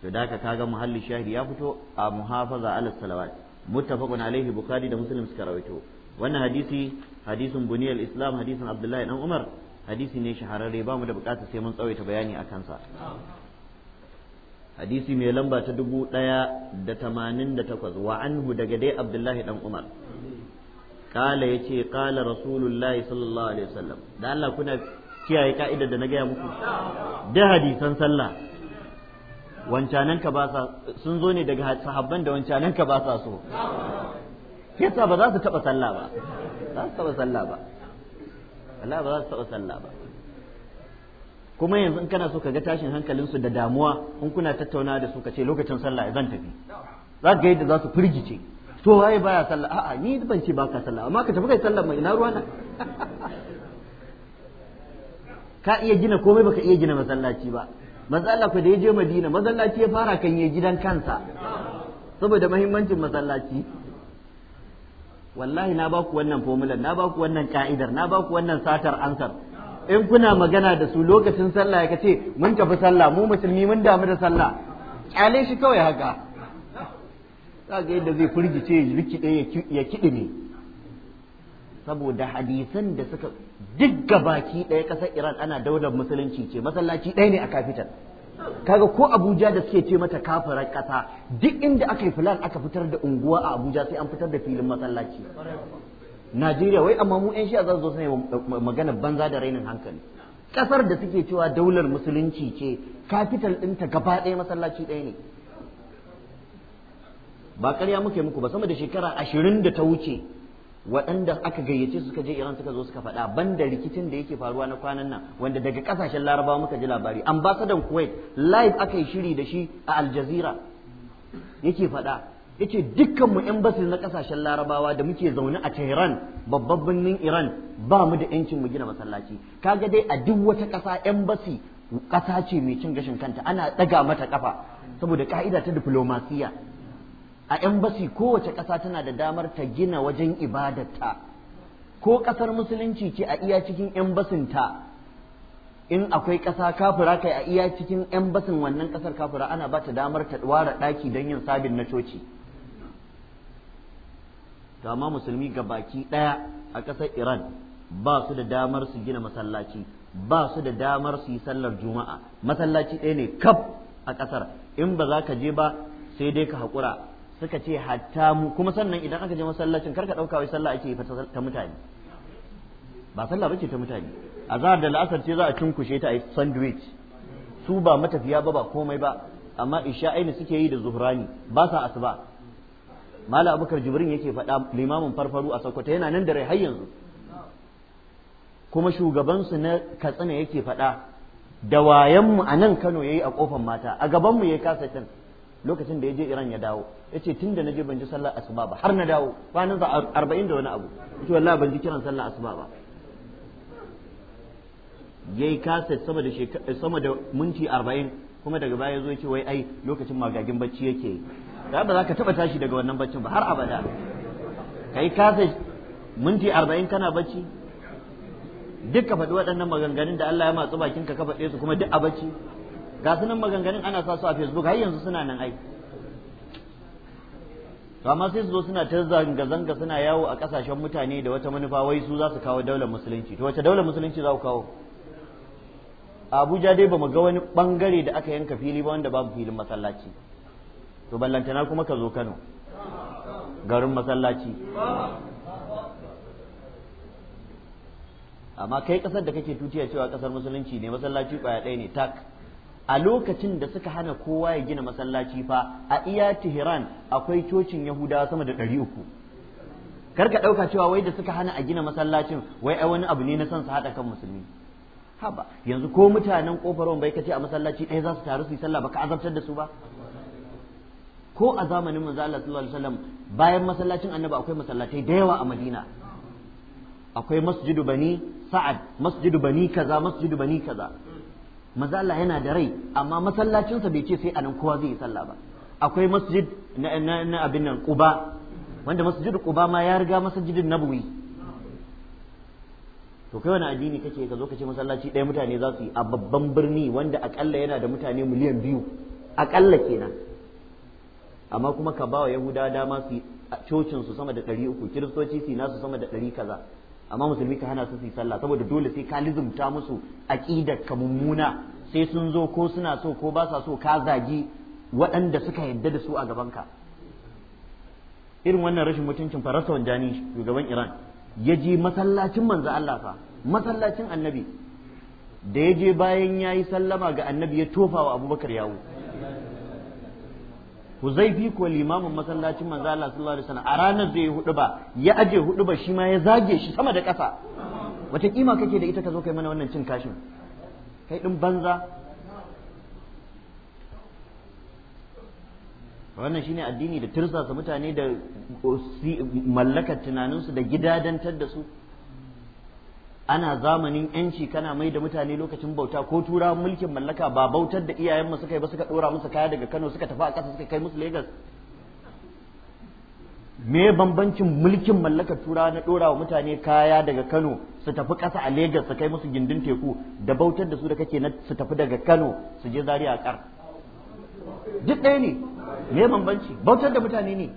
to da ka kaga muhallin shahid ya fito a muhafaza ala salawat muttafaqun alaihi bukhari da muslim suka rawaito wannan hadisi hadisin buniyal islam hadisin abdullahi dan umar hadisi ne shahararre ba mu da bukatar sai mun tsawaita bayani a kansa hadisi mai lamba ta dubu ɗaya da tamanin da takwas wa hu daga dai abdullahi ɗan umar ƙala ya ce kala rasulullahi sallallahu alaihi wasallam da Allah kuna kiyaye ka'idar da na gaya muku da hadisan sallah wancanan ka ba sa sun zo ne daga sahabban da wancanan ka ba sa so yasa ba za su taba sallah ba za su sallah ba Allah ba za su taba sallah ba kuma yanzu in kana so ka ga tashin hankalinsu da damuwa in kuna tattauna da su ka ce lokacin sallah zan tafi za ka ga yadda za su firgice to waye baya sallah a'a ni ban ce baka sallah amma ka tafi kai sallah mai ina ruwana ka iya gina komai baka iya gina masallaci ba matsala ku da ya je Madina masallaci ya fara kan ya gidan kansa saboda mahimmancin masallaci wallahi na baku wannan formula na baku wannan ka'idar na baku wannan satar ansar in kuna magana da su lokacin sallah ka ce mun tafi sallah mu musulmi mun damu da sallah kyale shi kawai haka za ga yadda zai furgice ya rikide ya kiɗime saboda hadisan da suka digga baki ɗaya ƙasar iran ana daular musulunci ce masallaci ɗaya ne a kafitan kaga ko abuja da suke ce mata kafirar ƙasa duk inda aka yi aka fitar da unguwa a abuja sai an fitar da filin masallaci Najeriya wai amma mu 'yan shi'a za su zo su ne magana banza da rainin hankali Ƙasar da suke cewa daular musulunci ce kafital ɗinta gaba ɗaya masallaci ɗaya ne ba ƙarya muke muku ba sama da shekara ashirin da ta wuce waɗanda aka gayyace suka je Iran suka zo suka faɗa banda rikicin da yake faruwa na kwanan nan wanda daga ƙasashen Larabawa muka ji labari ambasadan Kuwait live aka yi shiri da shi a Al Jazeera yake faɗa yace dukkanmu 'yan basir na kasashen larabawa da muke zaune a tehran babban birnin iran ba mu da 'yancin mu gina masallaci kaga dai a duk wata ƙasa 'yan basi ƙasa ce mai cin gashin kanta ana ɗaga mata ƙafa saboda ƙa'ida ta diplomasiya a 'yan basi kowace ƙasa tana da damar ta gina wajen ibadarta ko ƙasar musulunci ce a iya cikin 'yan basinta in akwai ƙasa kafura kai a iya cikin 'yan basin wannan ƙasar kafura ana ba ta damar ta ware ɗaki don yin sabin na coci. kama musulmi ga baki ɗaya a kasar iran ba su da damar su gina masallaci ba su da damar su yi sallar juma'a masallaci ɗaya ne kaf a ƙasar in ba za ka je ba sai dai ka haƙura suka ce hatta mu kuma sannan idan aka je masallacin karka ɗauka wai sallah ake yi ta mutane ba sallah bace ta mutane a zahar da la'asar ce za a cunkushe ta a sandwich su ba matafiya ba ba komai ba amma isha'ai ne suke yi da zuhrani ba sa asuba mala abubakar jibrin yake faɗa limamin farfaru a sokoto yana nan da rai har yanzu kuma shugabansu na katsina yake faɗa da wayanmu a nan kano ya yi a ƙofan mata a gabanmu yayi kasatin lokacin da ya je iran ya dawo ya ce tun da na je ban ji sallar asuba ba har na dawo kwanan za arba'in da wani abu ya wallah ban ji kiran sallar asuba ba ya yi kaset sama da sama da minti arba'in kuma daga baya ya zo ya ce wai ai lokacin magagin bacci yake da ba za ka taɓa tashi daga wannan baccin ba har abada kai kasa minti arba'in kana bacci duk ka faɗi waɗannan maganganun da Allah ya matsu bakin ka faɗe su kuma duk a bacci ga sunan maganganun ana sa su a Facebook har yanzu suna nan ai to amma sai su zo suna ta zanga zanga suna yawo a ƙasashen mutane da wata manufa wai su za su kawo daular musulunci to wace daular musulunci za ku kawo Abuja dai bamu ga wani bangare da aka yanka fili ba wanda babu filin masallaci to ballantana kuma ka zo Kano garin masallaci amma kai kasar da kake tutiya cewa kasar musulunci ne masallaci kwaya ɗaya ne tak a lokacin da suka hana kowa ya gina masallaci fa a iya Tehran akwai cocin Yahudawa sama da ɗari uku kar ka ɗauka cewa wai da suka hana a gina masallacin wai ai wani abu ne na son su haɗa kan musulmi haba yanzu ko mutanen kofar bai kace a masallaci ɗaya za su taru su yi sallah ka azabtar da su ba ko a zamanin manzo Allah sallallahu alaihi wasallam bayan masallacin annaba akwai masallatai da yawa a Madina akwai masjidu bani sa'ad masjidu bani kaza masjidu bani kaza manzo Allah yana da rai amma masallacinsa bai ce sai anan kowa zai yi sallah ba akwai masjid na na abin nan Quba wanda masjidu Quba ma ya riga masjidin Nabawi to kai wani addini kake ka zo ka ce masallaci ɗaya mutane za su yi a babban birni wanda akalla yana da mutane miliyan biyu akalla kenan amma kuma ka bawa yahuda dama su cocin su sama da ɗari uku kiristoci su nasu sama da ɗari kaza amma musulmi ka hana su su sallah saboda dole sai ka lizumta musu aqidar ka mummuna sai sun zo ko suna so ko ba sa so ka zagi waɗanda suka yadda da su a gaban ka irin wannan rashin mutuncin farasa wanjani shugaban iran ya je masallacin manzo Allah fa masallacin annabi da ya je bayan ya yi sallama ga annabi ya tofa wa abubakar yawo Huzaifi ko limamin masallacin manzo Allah sallallahu alaihi wasallam a ranar zai yi huduba ya aje huduba shi ma ya zage shi sama da kasa wace kima kake da ita ka zo kai mana wannan cin kashin kai din banza wannan shine addini da tirsasa mutane da mallakar tunaninsu da gidadantar da su ana zamanin yanci kana mai da mutane lokacin bauta ko tura mulkin mallaka ba bautar da iyayenmu suka yi ba suka dora musu kaya daga Kano suka tafi a ƙasa suka kai musu Lagos me bambancin mulkin mallaka tura na dora wa mutane kaya daga Kano su tafi ƙasa a Lagos su kai musu gindin teku da bautar da su da kake na su tafi daga Kano su je Zaria kar duk ɗaya ne me bambanci bautar da mutane ne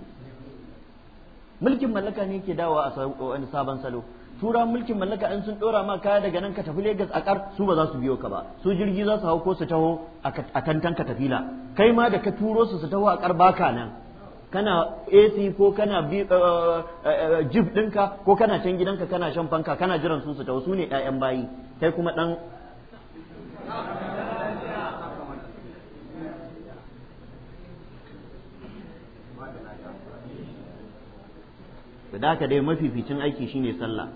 mulkin mallaka ne ke dawa a wani sabon salo tura mulkin mallaka in sun dora ma kaya daga nan ka tafi Legas a kar su ba za su biyo ka ba su jirgi za su hau ko su taho a tantan ka tafila kai ma da ka turo su su taho a kar baka nan kana AC ko kana uh, uh, uh, jeep dinka ko kana can gidanka kana shan fanka kana jiran su su taho su ne 'ya'yan bayi kai kuma ɗan da haka dai mafificin aiki shine sallah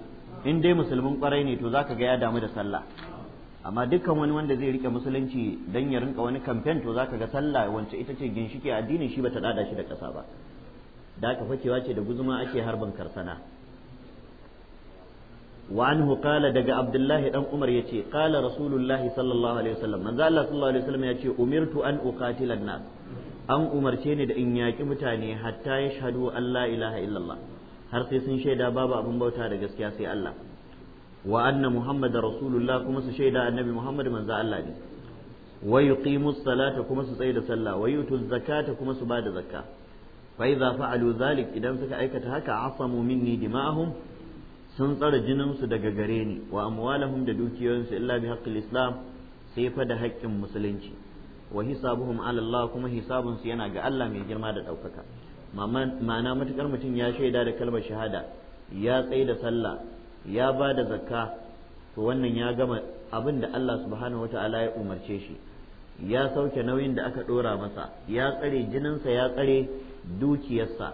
in dai musulmin kwarai ne to zaka ga ya damu da sallah amma dukkan wani wanda zai rike musulunci dan ya rinka wani kamfen to zaka ga sallah wance ita ce ginshike addinin shi bata dada shi da ƙasa ba da aka fakewa ce da guzuma ake harbin karsana wa anhu qala daga abdullahi dan umar yace qala rasulullahi sallallahu alaihi wasallam manzo Allah sallallahu alaihi wasallam yace umirtu an uqatila nas an umarce ni da in yaki mutane hatta yashhadu an la ilaha illallah har sai sun shaida babu abin bauta da gaskiya sai Allah wa anna muhammadar rasulullah kuma su shaida annabi muhammad manzo Allah ne wa yuqimu salata kuma su tsaye da sallah wa yutu zakata kuma su bada zakka fa idza fa'alu zalik idan suka aikata haka asamu minni dima'ahum sun tsara jinin su daga gare ni wa amwalahum da dukiyoyinsu illa bi islam sai fa da haƙƙin musulunci wa hisabuhum ala Allah kuma hisabun su yana ga Allah mai girma da ɗaukaka ma'ana matukar mutum ya shaida da kalmar shahada ya tsaye da sallah ya ba da zakka to wannan ya gama abin da Allah subhanahu wata'ala ya umarce shi ya sauke nauyin da aka ɗora masa ya tsare jininsa ya tsare dukiyarsa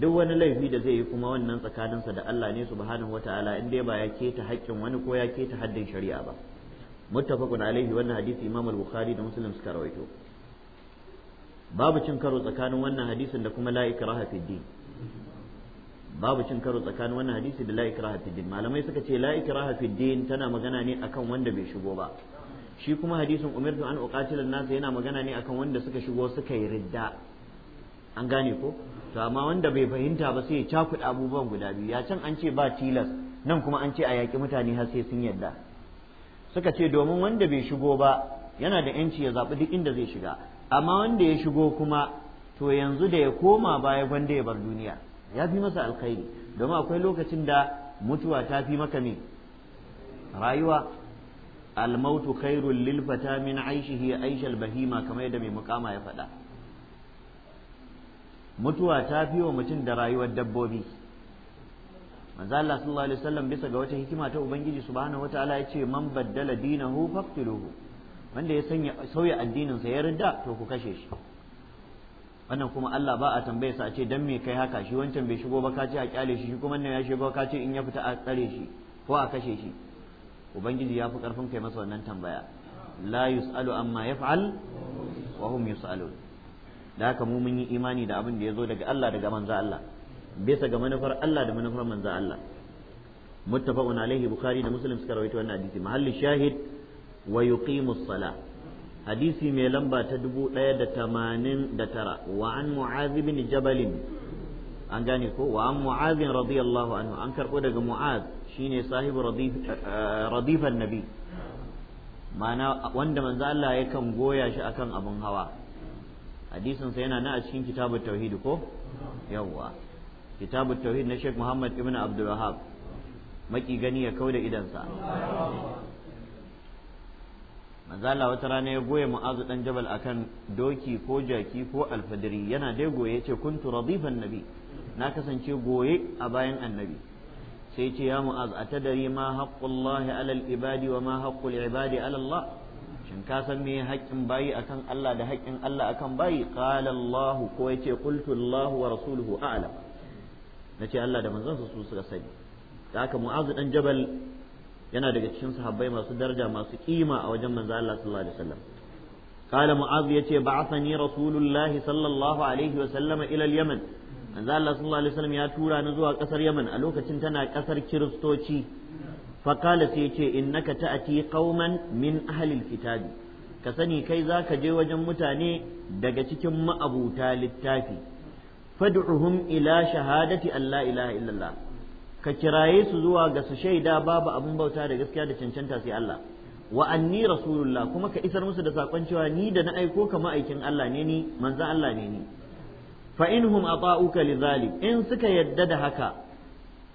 duk wani laifi da zai yi kuma wannan tsakaninsa da Allah ne subhanahu wata'ala in dai ba ya keta haƙƙin wani ko ya keta haddin shari'a ba muttafaqun alaihi wannan hadisi Imam al-Bukhari da Muslim suka rawaito babu cin karo tsakanin wannan hadisin da kuma la ikraha fi din babu cin karo tsakanin wannan hadisi da la ikraha fi din malamai suka ce la ikraha fi din tana magana ne akan wanda bai shigo ba shi kuma hadisin umirtu an uqatila nas yana magana ne akan wanda suka shigo suka yi ridda an gane ko to amma wanda bai fahimta ba sai ya cakuɗa abubuwan guda biyu ya can an ce ba tilas nan kuma an ce a yaƙi mutane har sai sun yarda suka ce domin wanda bai shigo ba yana da yanci ya zaɓi duk inda zai shiga amma wanda ya shigo kuma to yanzu da ya koma baya gwanda ya bar duniya ya fi masa alkhairi domin akwai lokacin da mutuwa ta fi maka ne rayuwa almautu khairul lil fata min aishihi aishal bahima kamar yadda mai mukama ya faɗa mutuwa ta fi wa mutum da rayuwar dabbobi manzo Allah sallallahu alaihi wasallam bisa ga wata hikima ta ubangiji subhanahu wataala yace man baddala dinahu faqtiluhu wanda ya sanya sauya addininsa ya ridda to ku kashe shi wannan kuma Allah ba a tambaye sa a ce dan me kai haka shi wancan bai shigo ba ka ce a kyale shi kuma nan ya shigo ka ce in ya fita a tsare shi ko a kashe shi ubangiji ya fi karfin kai masa wannan tambaya la yus'alu amma yaf'al wa hum yus'alun da haka mu mun yi imani da abin da ya zo daga Allah daga manzo Allah bisa ga manufar Allah da manufar manzo Allah muttafaqun alaihi bukhari da muslim suka rawaito wannan hadisi mahallin shahid wa yuqimus sala hadisi mai lamba ta tara wa an mu'adh bin jabal an gane ko wa an mu'adh radiyallahu anhu an karbo daga muaz shine sahibu radifan eh, nabi ma'ana wanda manzo Allah yakan goya shi akan abun hawa hadisin sa yana na a cikin kitabut tauhid ko yawa kitabut tauhid na Sheikh Muhammad ibn Abdul Wahhab maki gani ya kauda sa. manzo Allah wata rana ya goye mu'azu dan jabal akan doki ko jaki ko alfadiri yana dai goye yace kuntu radifan nabi na kasance goye a bayan annabi sai ce ya mu'azu atadari ma haqqullahi alal ibadi wa ma haqqul ibadi ala Allah shin ka san me haƙƙin bayi akan Allah da haƙƙin Allah akan bayi qala Allah ko yace qultu Allah wa rasuluhu a'lam nace Allah da manzon su suka sani haka mu'azu dan jabal yana daga cikin sahabbai masu daraja masu kima a wajen manzo Allah sallallahu alaihi wasallam qala mu'az yace ba'athani rasulullahi sallallahu alaihi wasallam ila al-yaman manzo Allah sallallahu alaihi wasallam ya tura ni zuwa kasar Yaman a lokacin tana kasar kiristoci fa qala in yace innaka ta'ti qauman min ahli al-kitab ka sani kai zaka je wajen mutane daga cikin ma'abuta littafi fad'uhum ila shahadati an la ilaha illallah ka kiraye su zuwa ga su shaida babu abin bauta da gaskiya da cancanta sai Allah wa anni rasulullah kuma ka isar musu da sakon cewa ni da na aiko ka ma'aikin Allah ne ni manzon Allah ne ni fa inhum ata'uka lidhalik in suka yadda da haka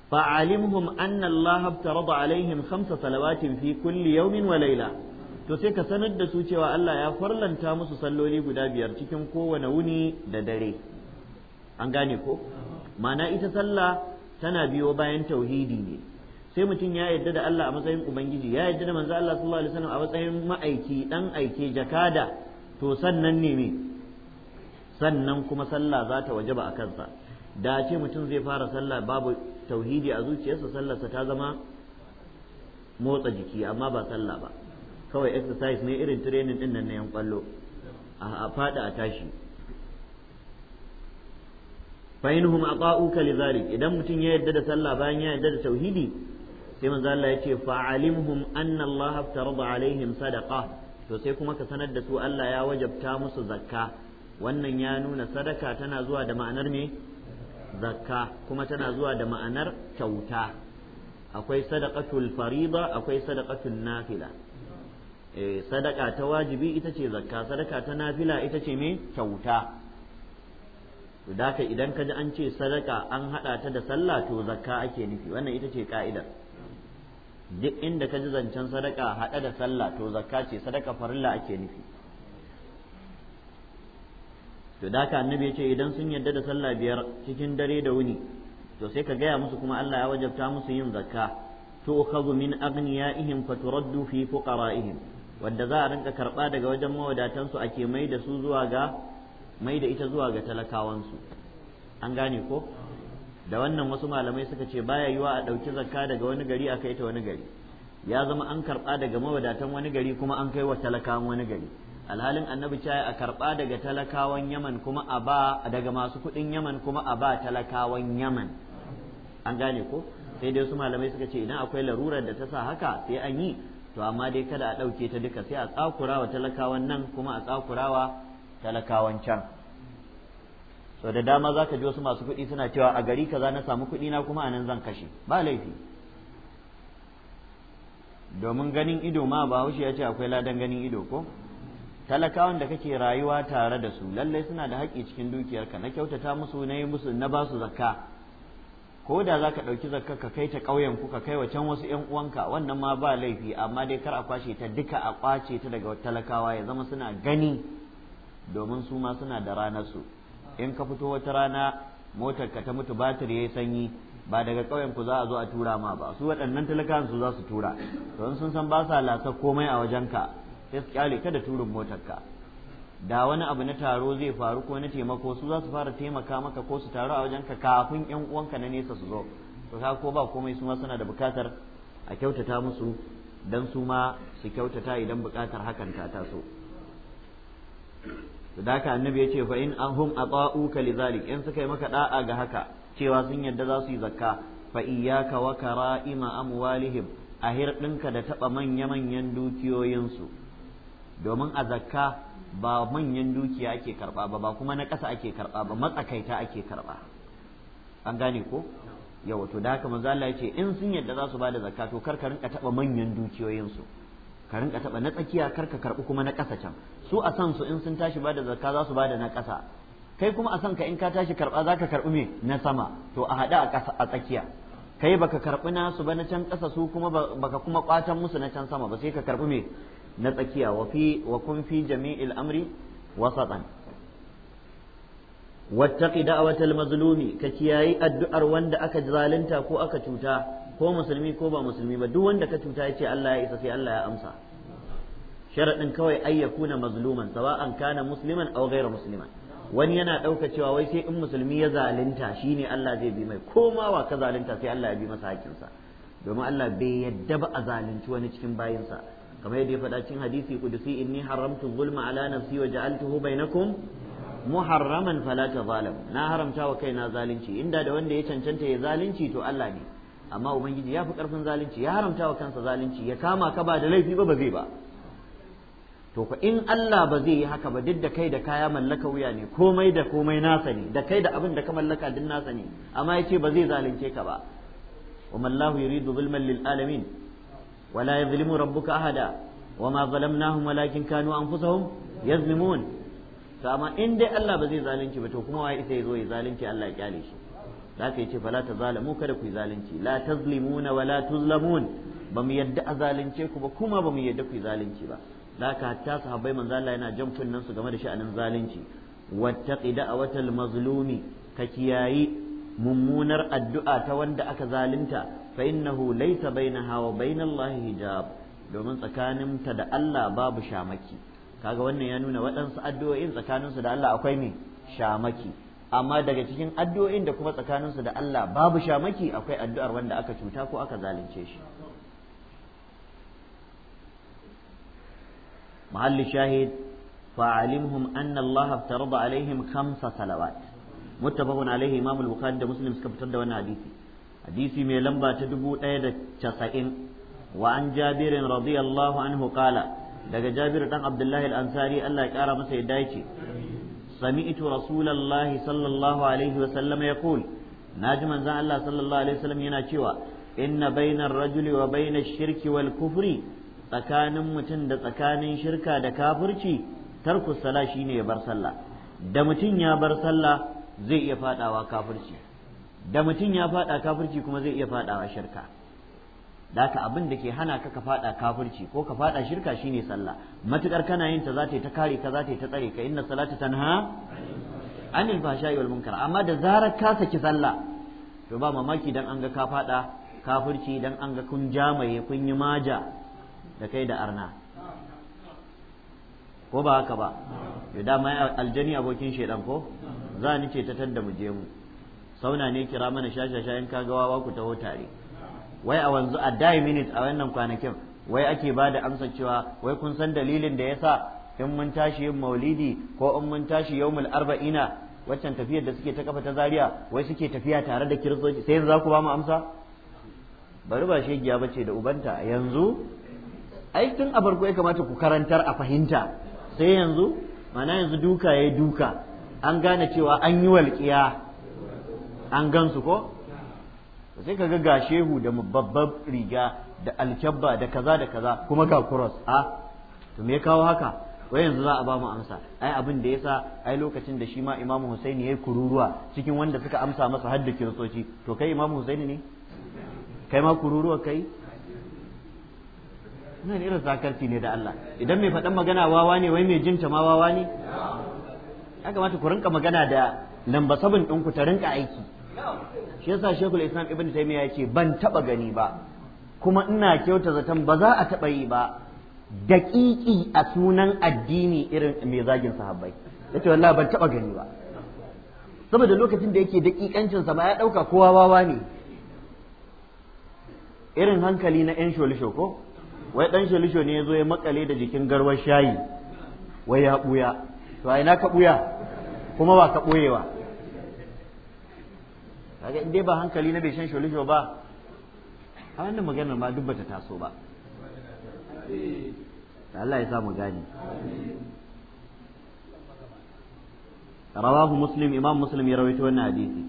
fa alimhum anna Allah abtarada alaihim khamsa salawatin fi kulli yawmin wa layla to sai ka sanar da su cewa Allah ya farlanta musu salloli guda biyar cikin kowane wuni da dare an gane ko ma'ana ita sallah tana biyo bayan tauhidi ne sai mutum ya yarda da Allah a matsayin ubangiji ya yarda da manzo Allah sallallahu alaihi wasallam a matsayin ma'aiki dan aike jakada to sannan ne me sannan kuma sallah za ta wajaba a kansa da ce mutum zai fara sallah babu tauhidi a zuciyarsa sallarsa ta zama motsa jiki amma ba sallah ba kawai exercise ne irin training din nan na yan kwallo a faɗi a tashi fa inhum ata'uka zalik idan mutum ya yarda da sallah bayan ya yarda da tauhidi sai manzo Allah yace fa alimhum anna Allah aftarada alaihim sadaqa to sai kuma ka sanar da su Allah ya wajabta musu zakka wannan ya nuna sadaka tana zuwa da ma'anar me zakka kuma tana zuwa da ma'anar kyauta akwai sadaqatul farida akwai sadaqatul nafila eh, sadaka ta wajibi ita ce zakka sadaka ta nafila ita ce me kyauta to da idan ka ji an ce sadaka an haɗa ta da sallah to zakka ake nufi wannan ita ce ka'idar duk inda ka ji zancen sadaka haɗa da sallah to zakka ce sadaka farilla ake nufi to da ka annabi ya ce idan sun yarda da sallah biyar cikin dare da wuni to sai ka gaya musu kuma Allah ya wajabta musu yin zakka tu'khadhu min aghniyaihim faturaddu fi fuqara'ihim wanda za a rinka karba daga wajen mawadatansu ake mai da su zuwa ga mai da ita zuwa ga talakawansu an gane ko da wannan wasu malamai suka ce baya yiwa a ɗauki zakka daga wani gari a kai ta wani gari ya zama an karɓa daga mawadatan wani gari kuma an kai wa talakawan wani gari alhalin annabi caya a karɓa daga talakawan yaman kuma a ba daga masu kuɗin yaman kuma a ba talakawan yaman an gane ko sai dai su malamai suka ce idan akwai larurar da ta sa haka sai an yi to amma dai kada a ɗauke ta duka sai a tsakurawa talakawan nan kuma a tsakurawa talakawan can so da dama za ka ji wasu masu kuɗi suna cewa a gari kaza na samu kuɗi na kuma a nan zan kashe ba laifi domin ganin ido ma haushi ya ce akwai ladan ganin ido ko talakawan da kake rayuwa tare da su lallai suna da haƙƙi cikin dukiyarka na kyautata musu na yi musu na basu zakka ko da za ka ɗauki zakka ka kai ta ƙauyen ku ka kai wa can wasu ƴan uwanka wannan ma ba laifi amma dai kar a kwashe ta duka a kwace ta daga talakawa ya zama suna gani domin su ma suna da ranar su in ka fito wata rana motar ka ta mutu batir yayi sanyi ba daga ƙauyen ku za a zo a tura ma ba su waɗannan talakan su za su tura don sun san ba sa lasa komai a wajen ka sai su kyale ka da turin motar ka da wani abu na taro zai faru ko na taimako su za su fara taimaka maka ko su taru a wajen ka kafin yan uwanka na nesa su zo to ka ko ba komai su ma suna da bukatar a kyautata musu dan su ma su kyautata idan bukatar hakan ta taso da haka annabi ya ce fa in hum ka lidhalik in suka yi maka da'a ga haka cewa sun yadda za su yi zakka fa iyyaka wa kara'ima amwalihim a hirɗinka da taɓa manya-manyan dukiyoyinsu domin a zakka ba manyan dukiya ake karɓa ba ba kuma na ƙasa ake karɓa ba matsakaita ake karɓa an gane ko yawa to da haka manzo Allah ya ce in sun yadda za su ba zakka to kar ka rinka taɓa manyan dukiyoyinsu ka rinka taɓa na tsakiya kar ka karɓi kuma na ƙasa can su a san su in sun tashi bada zakka za su bada na ƙasa kai kuma a san ka in ka tashi karɓa za ka karɓi me na sama to a haɗa a tsakiya kai baka karɓi su ba na can ƙasa su kuma baka kuma ƙwatan musu na can sama ba sai ka karɓi me na tsakiya wa fi wa kun fi jami'il amri wasatan wattaqi da'watal mazlumi ka kiyayi addu'ar wanda aka zalunta ko aka cuta ko musulmi ko ba musulmi ba duk wanda ka cuta yace Allah ya isa sai Allah ya amsa sharadin kawai ay yakuna mazluman sawa'an kana musliman aw ghayra musliman wani yana ɗauka cewa wai sai in musulmi ya zalunta shine Allah zai bi mai koma wa ka zalunta sai Allah ya bi masa hakinsa domin Allah bai yadda ba a zalunci wani cikin bayinsa kamar yadda ya faɗa cikin hadisi kudusi inni haramtu zulma ala nafsi wa ja'altuhu bainakum muharraman fala tazalam na haramta wa kaina zalunci inda da wanda ya cancanta ya zalunci to Allah ne amma ubangiji ya fi karfin zalunci ya haramta wa kansa zalunci ya kama ka ba da laifi ba ba zai ba to fa in Allah ba zai yi haka ba duk da kai da kaya mallaka wuya ne komai da komai nasa ne da kai da abin da ka mallaka duk nasa ne amma yace ba zai zalunce ka ba wa mallahu yuridu zulman lil alamin wala yuzlimu rabbuka ahada وما zalamnahum walakin kanu anfusahum yazlimun to amma in dai Allah ba zai zalunci ba to kuma wai sai yazo ya zalunci Allah ya kyale shi zaka yace fala tazalamu kada ku zalunci la tazlimuna wala tuzlamun ba mu yadda a zalunce ku ba kuma ba mu yadda ku zalunci ba zaka hatta sahabbai manzo Allah yana jan kunnan su game da sha'anin zalunci wattaqi da'watal mazlumi ka kiyayi mummunar addu'a ta wanda aka zalunta fa innahu laysa bainaha wa bainallahi hijab domin tsakaninta da Allah babu shamaki kaga wannan ya nuna waɗansu addu'o'in tsakaninsu da Allah akwai ne shamaki amma daga cikin addu'o'in da kuma tsakaninsu da Allah babu shamaki akwai addu'ar wanda aka cuta ko aka zalunce shi muhalli shahid fa'alimhum anna Allah alaihim khamsa salawat muttafaqun alaihi imam al-bukhari da muslim suka fitar da wannan hadisi hadisi mai lamba ta 1090 wa an jabirin radiyallahu anhu qala daga Jabir dan Abdullahi al-Ansari Allah ya kara masa yadda yake sami'tu rasulullahi sallallahu alaihi wa sallam yaqul naji manzon Allah sallallahu alaihi wa sallam yana cewa inna bainar rajuli wa bainash shirki wal kufri tsakanin mutum da tsakanin shirka da kafirci tarku sala shine ya bar sallah da mutum ya bar sallah zai iya fadawa kafirci da mutum ya fada kafirci kuma zai iya fadawa shirka da haka abin da ke hana ka ka fada kafirci ko ka fada shirka shine sallah matukar kana yin ta za ta ta kare ka za ta ta tsare ka inna salata tanha anil fahsha'i wal munkar amma da zarar ka saki sallah to ba mamaki dan an ga ka fada kafirci dan an ga kun jamaye kun yi maja da kai da arna ko ba haka ba da dama aljani abokin shaidan ko za ni ce ta tadda mu je mu sauna ne kira mana shashasha in ka ku taho tare wai a wanzu a die minute a wannan kwanakin wai ake ba da amsa cewa wai kun san dalilin da yasa in mun tashi yin maulidi ko in mun tashi yawmul arba'ina waccan tafiyar da suke ta kafa ta Zariya wai suke tafiya tare da kiristoci sai yanzu za ku ba mu amsa bari ba shegiya bace da ubanta yanzu ai tun a farko ya kamata ku karantar a fahimta sai yanzu mana yanzu duka ya duka an gane cewa an yi walƙiya an gansu ko sai ka ga gashehu da babban riga da alkyabba da kaza da kaza kuma ga kuros a to me ya kawo haka wai yanzu za a ba mu amsa ai abin da yasa ai lokacin da shi ma Imam Husaini yayi kururuwa cikin wanda suka amsa masa hadda kiristoci to kai Imam Husaini ne kai ma kururuwa kai nan irin zakarci ne da Allah idan mai faɗan magana wawa ne wai mai jinta ma wawa ne ya kamata ku rinka magana da lamba sabin ɗinku ta rinka aiki shi yasa shekul islam ibn taimiyya ya ce ban taba gani ba kuma ina kyauta zaton ba za a taba yi ba daƙiƙi a sunan addini irin mai zagin sahabbai ya ce wallahi ban taba gani ba saboda lokacin da yake daƙiƙancin sa ma ya ɗauka kowa wawa ne irin hankali na yan sholisho ko wai ɗan sholisho ne ya zo ya makale da jikin garwar shayi wai ya ɓuya to a ina ka ɓuya kuma ba ka ɓoyewa kaga in dai ba hankali na bai shan sholisho ba a wannan maganar ma duk bata taso ba eh, Allah ya sa mu gane rawahu muslim imam muslim ya rawaito wannan hadisi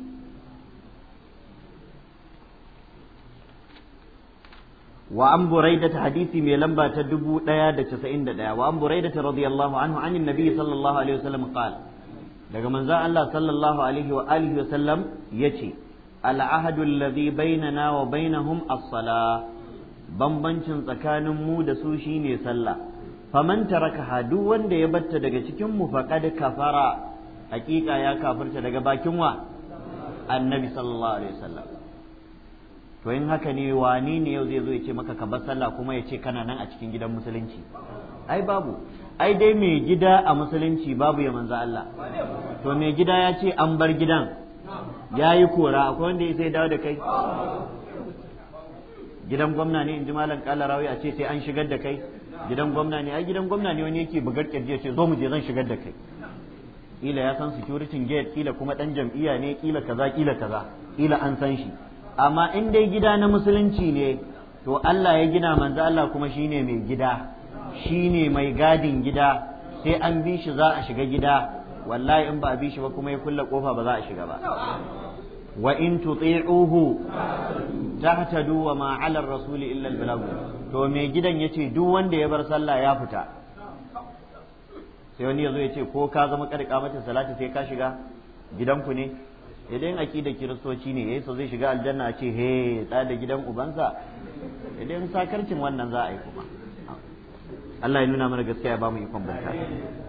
wa an buraida ta hadisi mai lamba ta dubu daya da casa'in da daya wa an buraida ta radiyallahu anhu anin nabi sallallahu alaihi wasallam qal daga manzon Allah sallallahu alaihi wa alihi wasallam yace العهد الذي بيننا وبينهم الصلاة bambancin tsakanin mu da su shine sallah faman tarakaha hadu, wanda ya barta daga cikin mu faqad kafara hakika ya kafirta daga bakin wa annabi sallallahu alaihi wasallam to in haka ne wani ne yau zai zo ya ce maka ka bar sallah kuma ya ce kana nan a cikin gidan musulunci ai babu ai dai mai gida a musulunci babu ya manzo Allah to mai gida ya ce an bar gidan ya yi kora akwai wanda ya sai dawo da kai gidan gwamna ne in ji malam kala rawi a ce sai an shigar da kai gidan gwamna ne ai gidan gwamna ne wani yake bugar kirji ce zo mu je zan shigar da kai kila ya san security gate kila kuma dan jam'iyya ne kila kaza kila kaza kila an san shi amma in dai gida na musulunci ne to Allah ya gina manzo Allah kuma shine mai gida shine mai gadin gida sai an bi shi za a shiga gida wallahi in ba a bi shi ba kuma ya kulle kofa ba za a shiga ba wa in tuti'uhu tahtadu wa ma 'ala ar-rasuli illa al-balagh to me gidan yace duk wanda ya bar sallah ya fita sai wani yazo yace ko ka zama karka mata salati sai ka shiga gidanku ne idan akida kiristoci ne yayin eh, zai shiga aljanna a ce he tsada gidan ubansa idan sakarcin wannan za a yi kuma Allah ya nuna mana gaskiya ba mu ikon bauta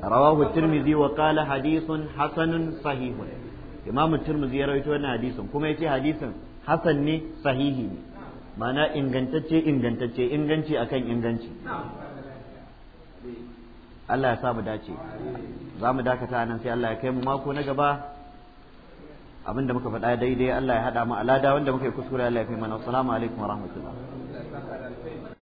rawahu tirmidhi wa qala hadithun hasanun sahihun imamu tirmidhi ya rawaito wannan hadisin kuma yace hadisin hasan ne sahihi ne ma'ana ingantacce ingantacce inganci akan inganci Allah ya sa mu dace za mu dakata nan sai Allah ya kai mu mako na gaba abinda muka faɗa daidai Allah ya haɗa mu alada wanda muka yi kuskure Allah ya kai mana assalamu alaikum wa rahmatullah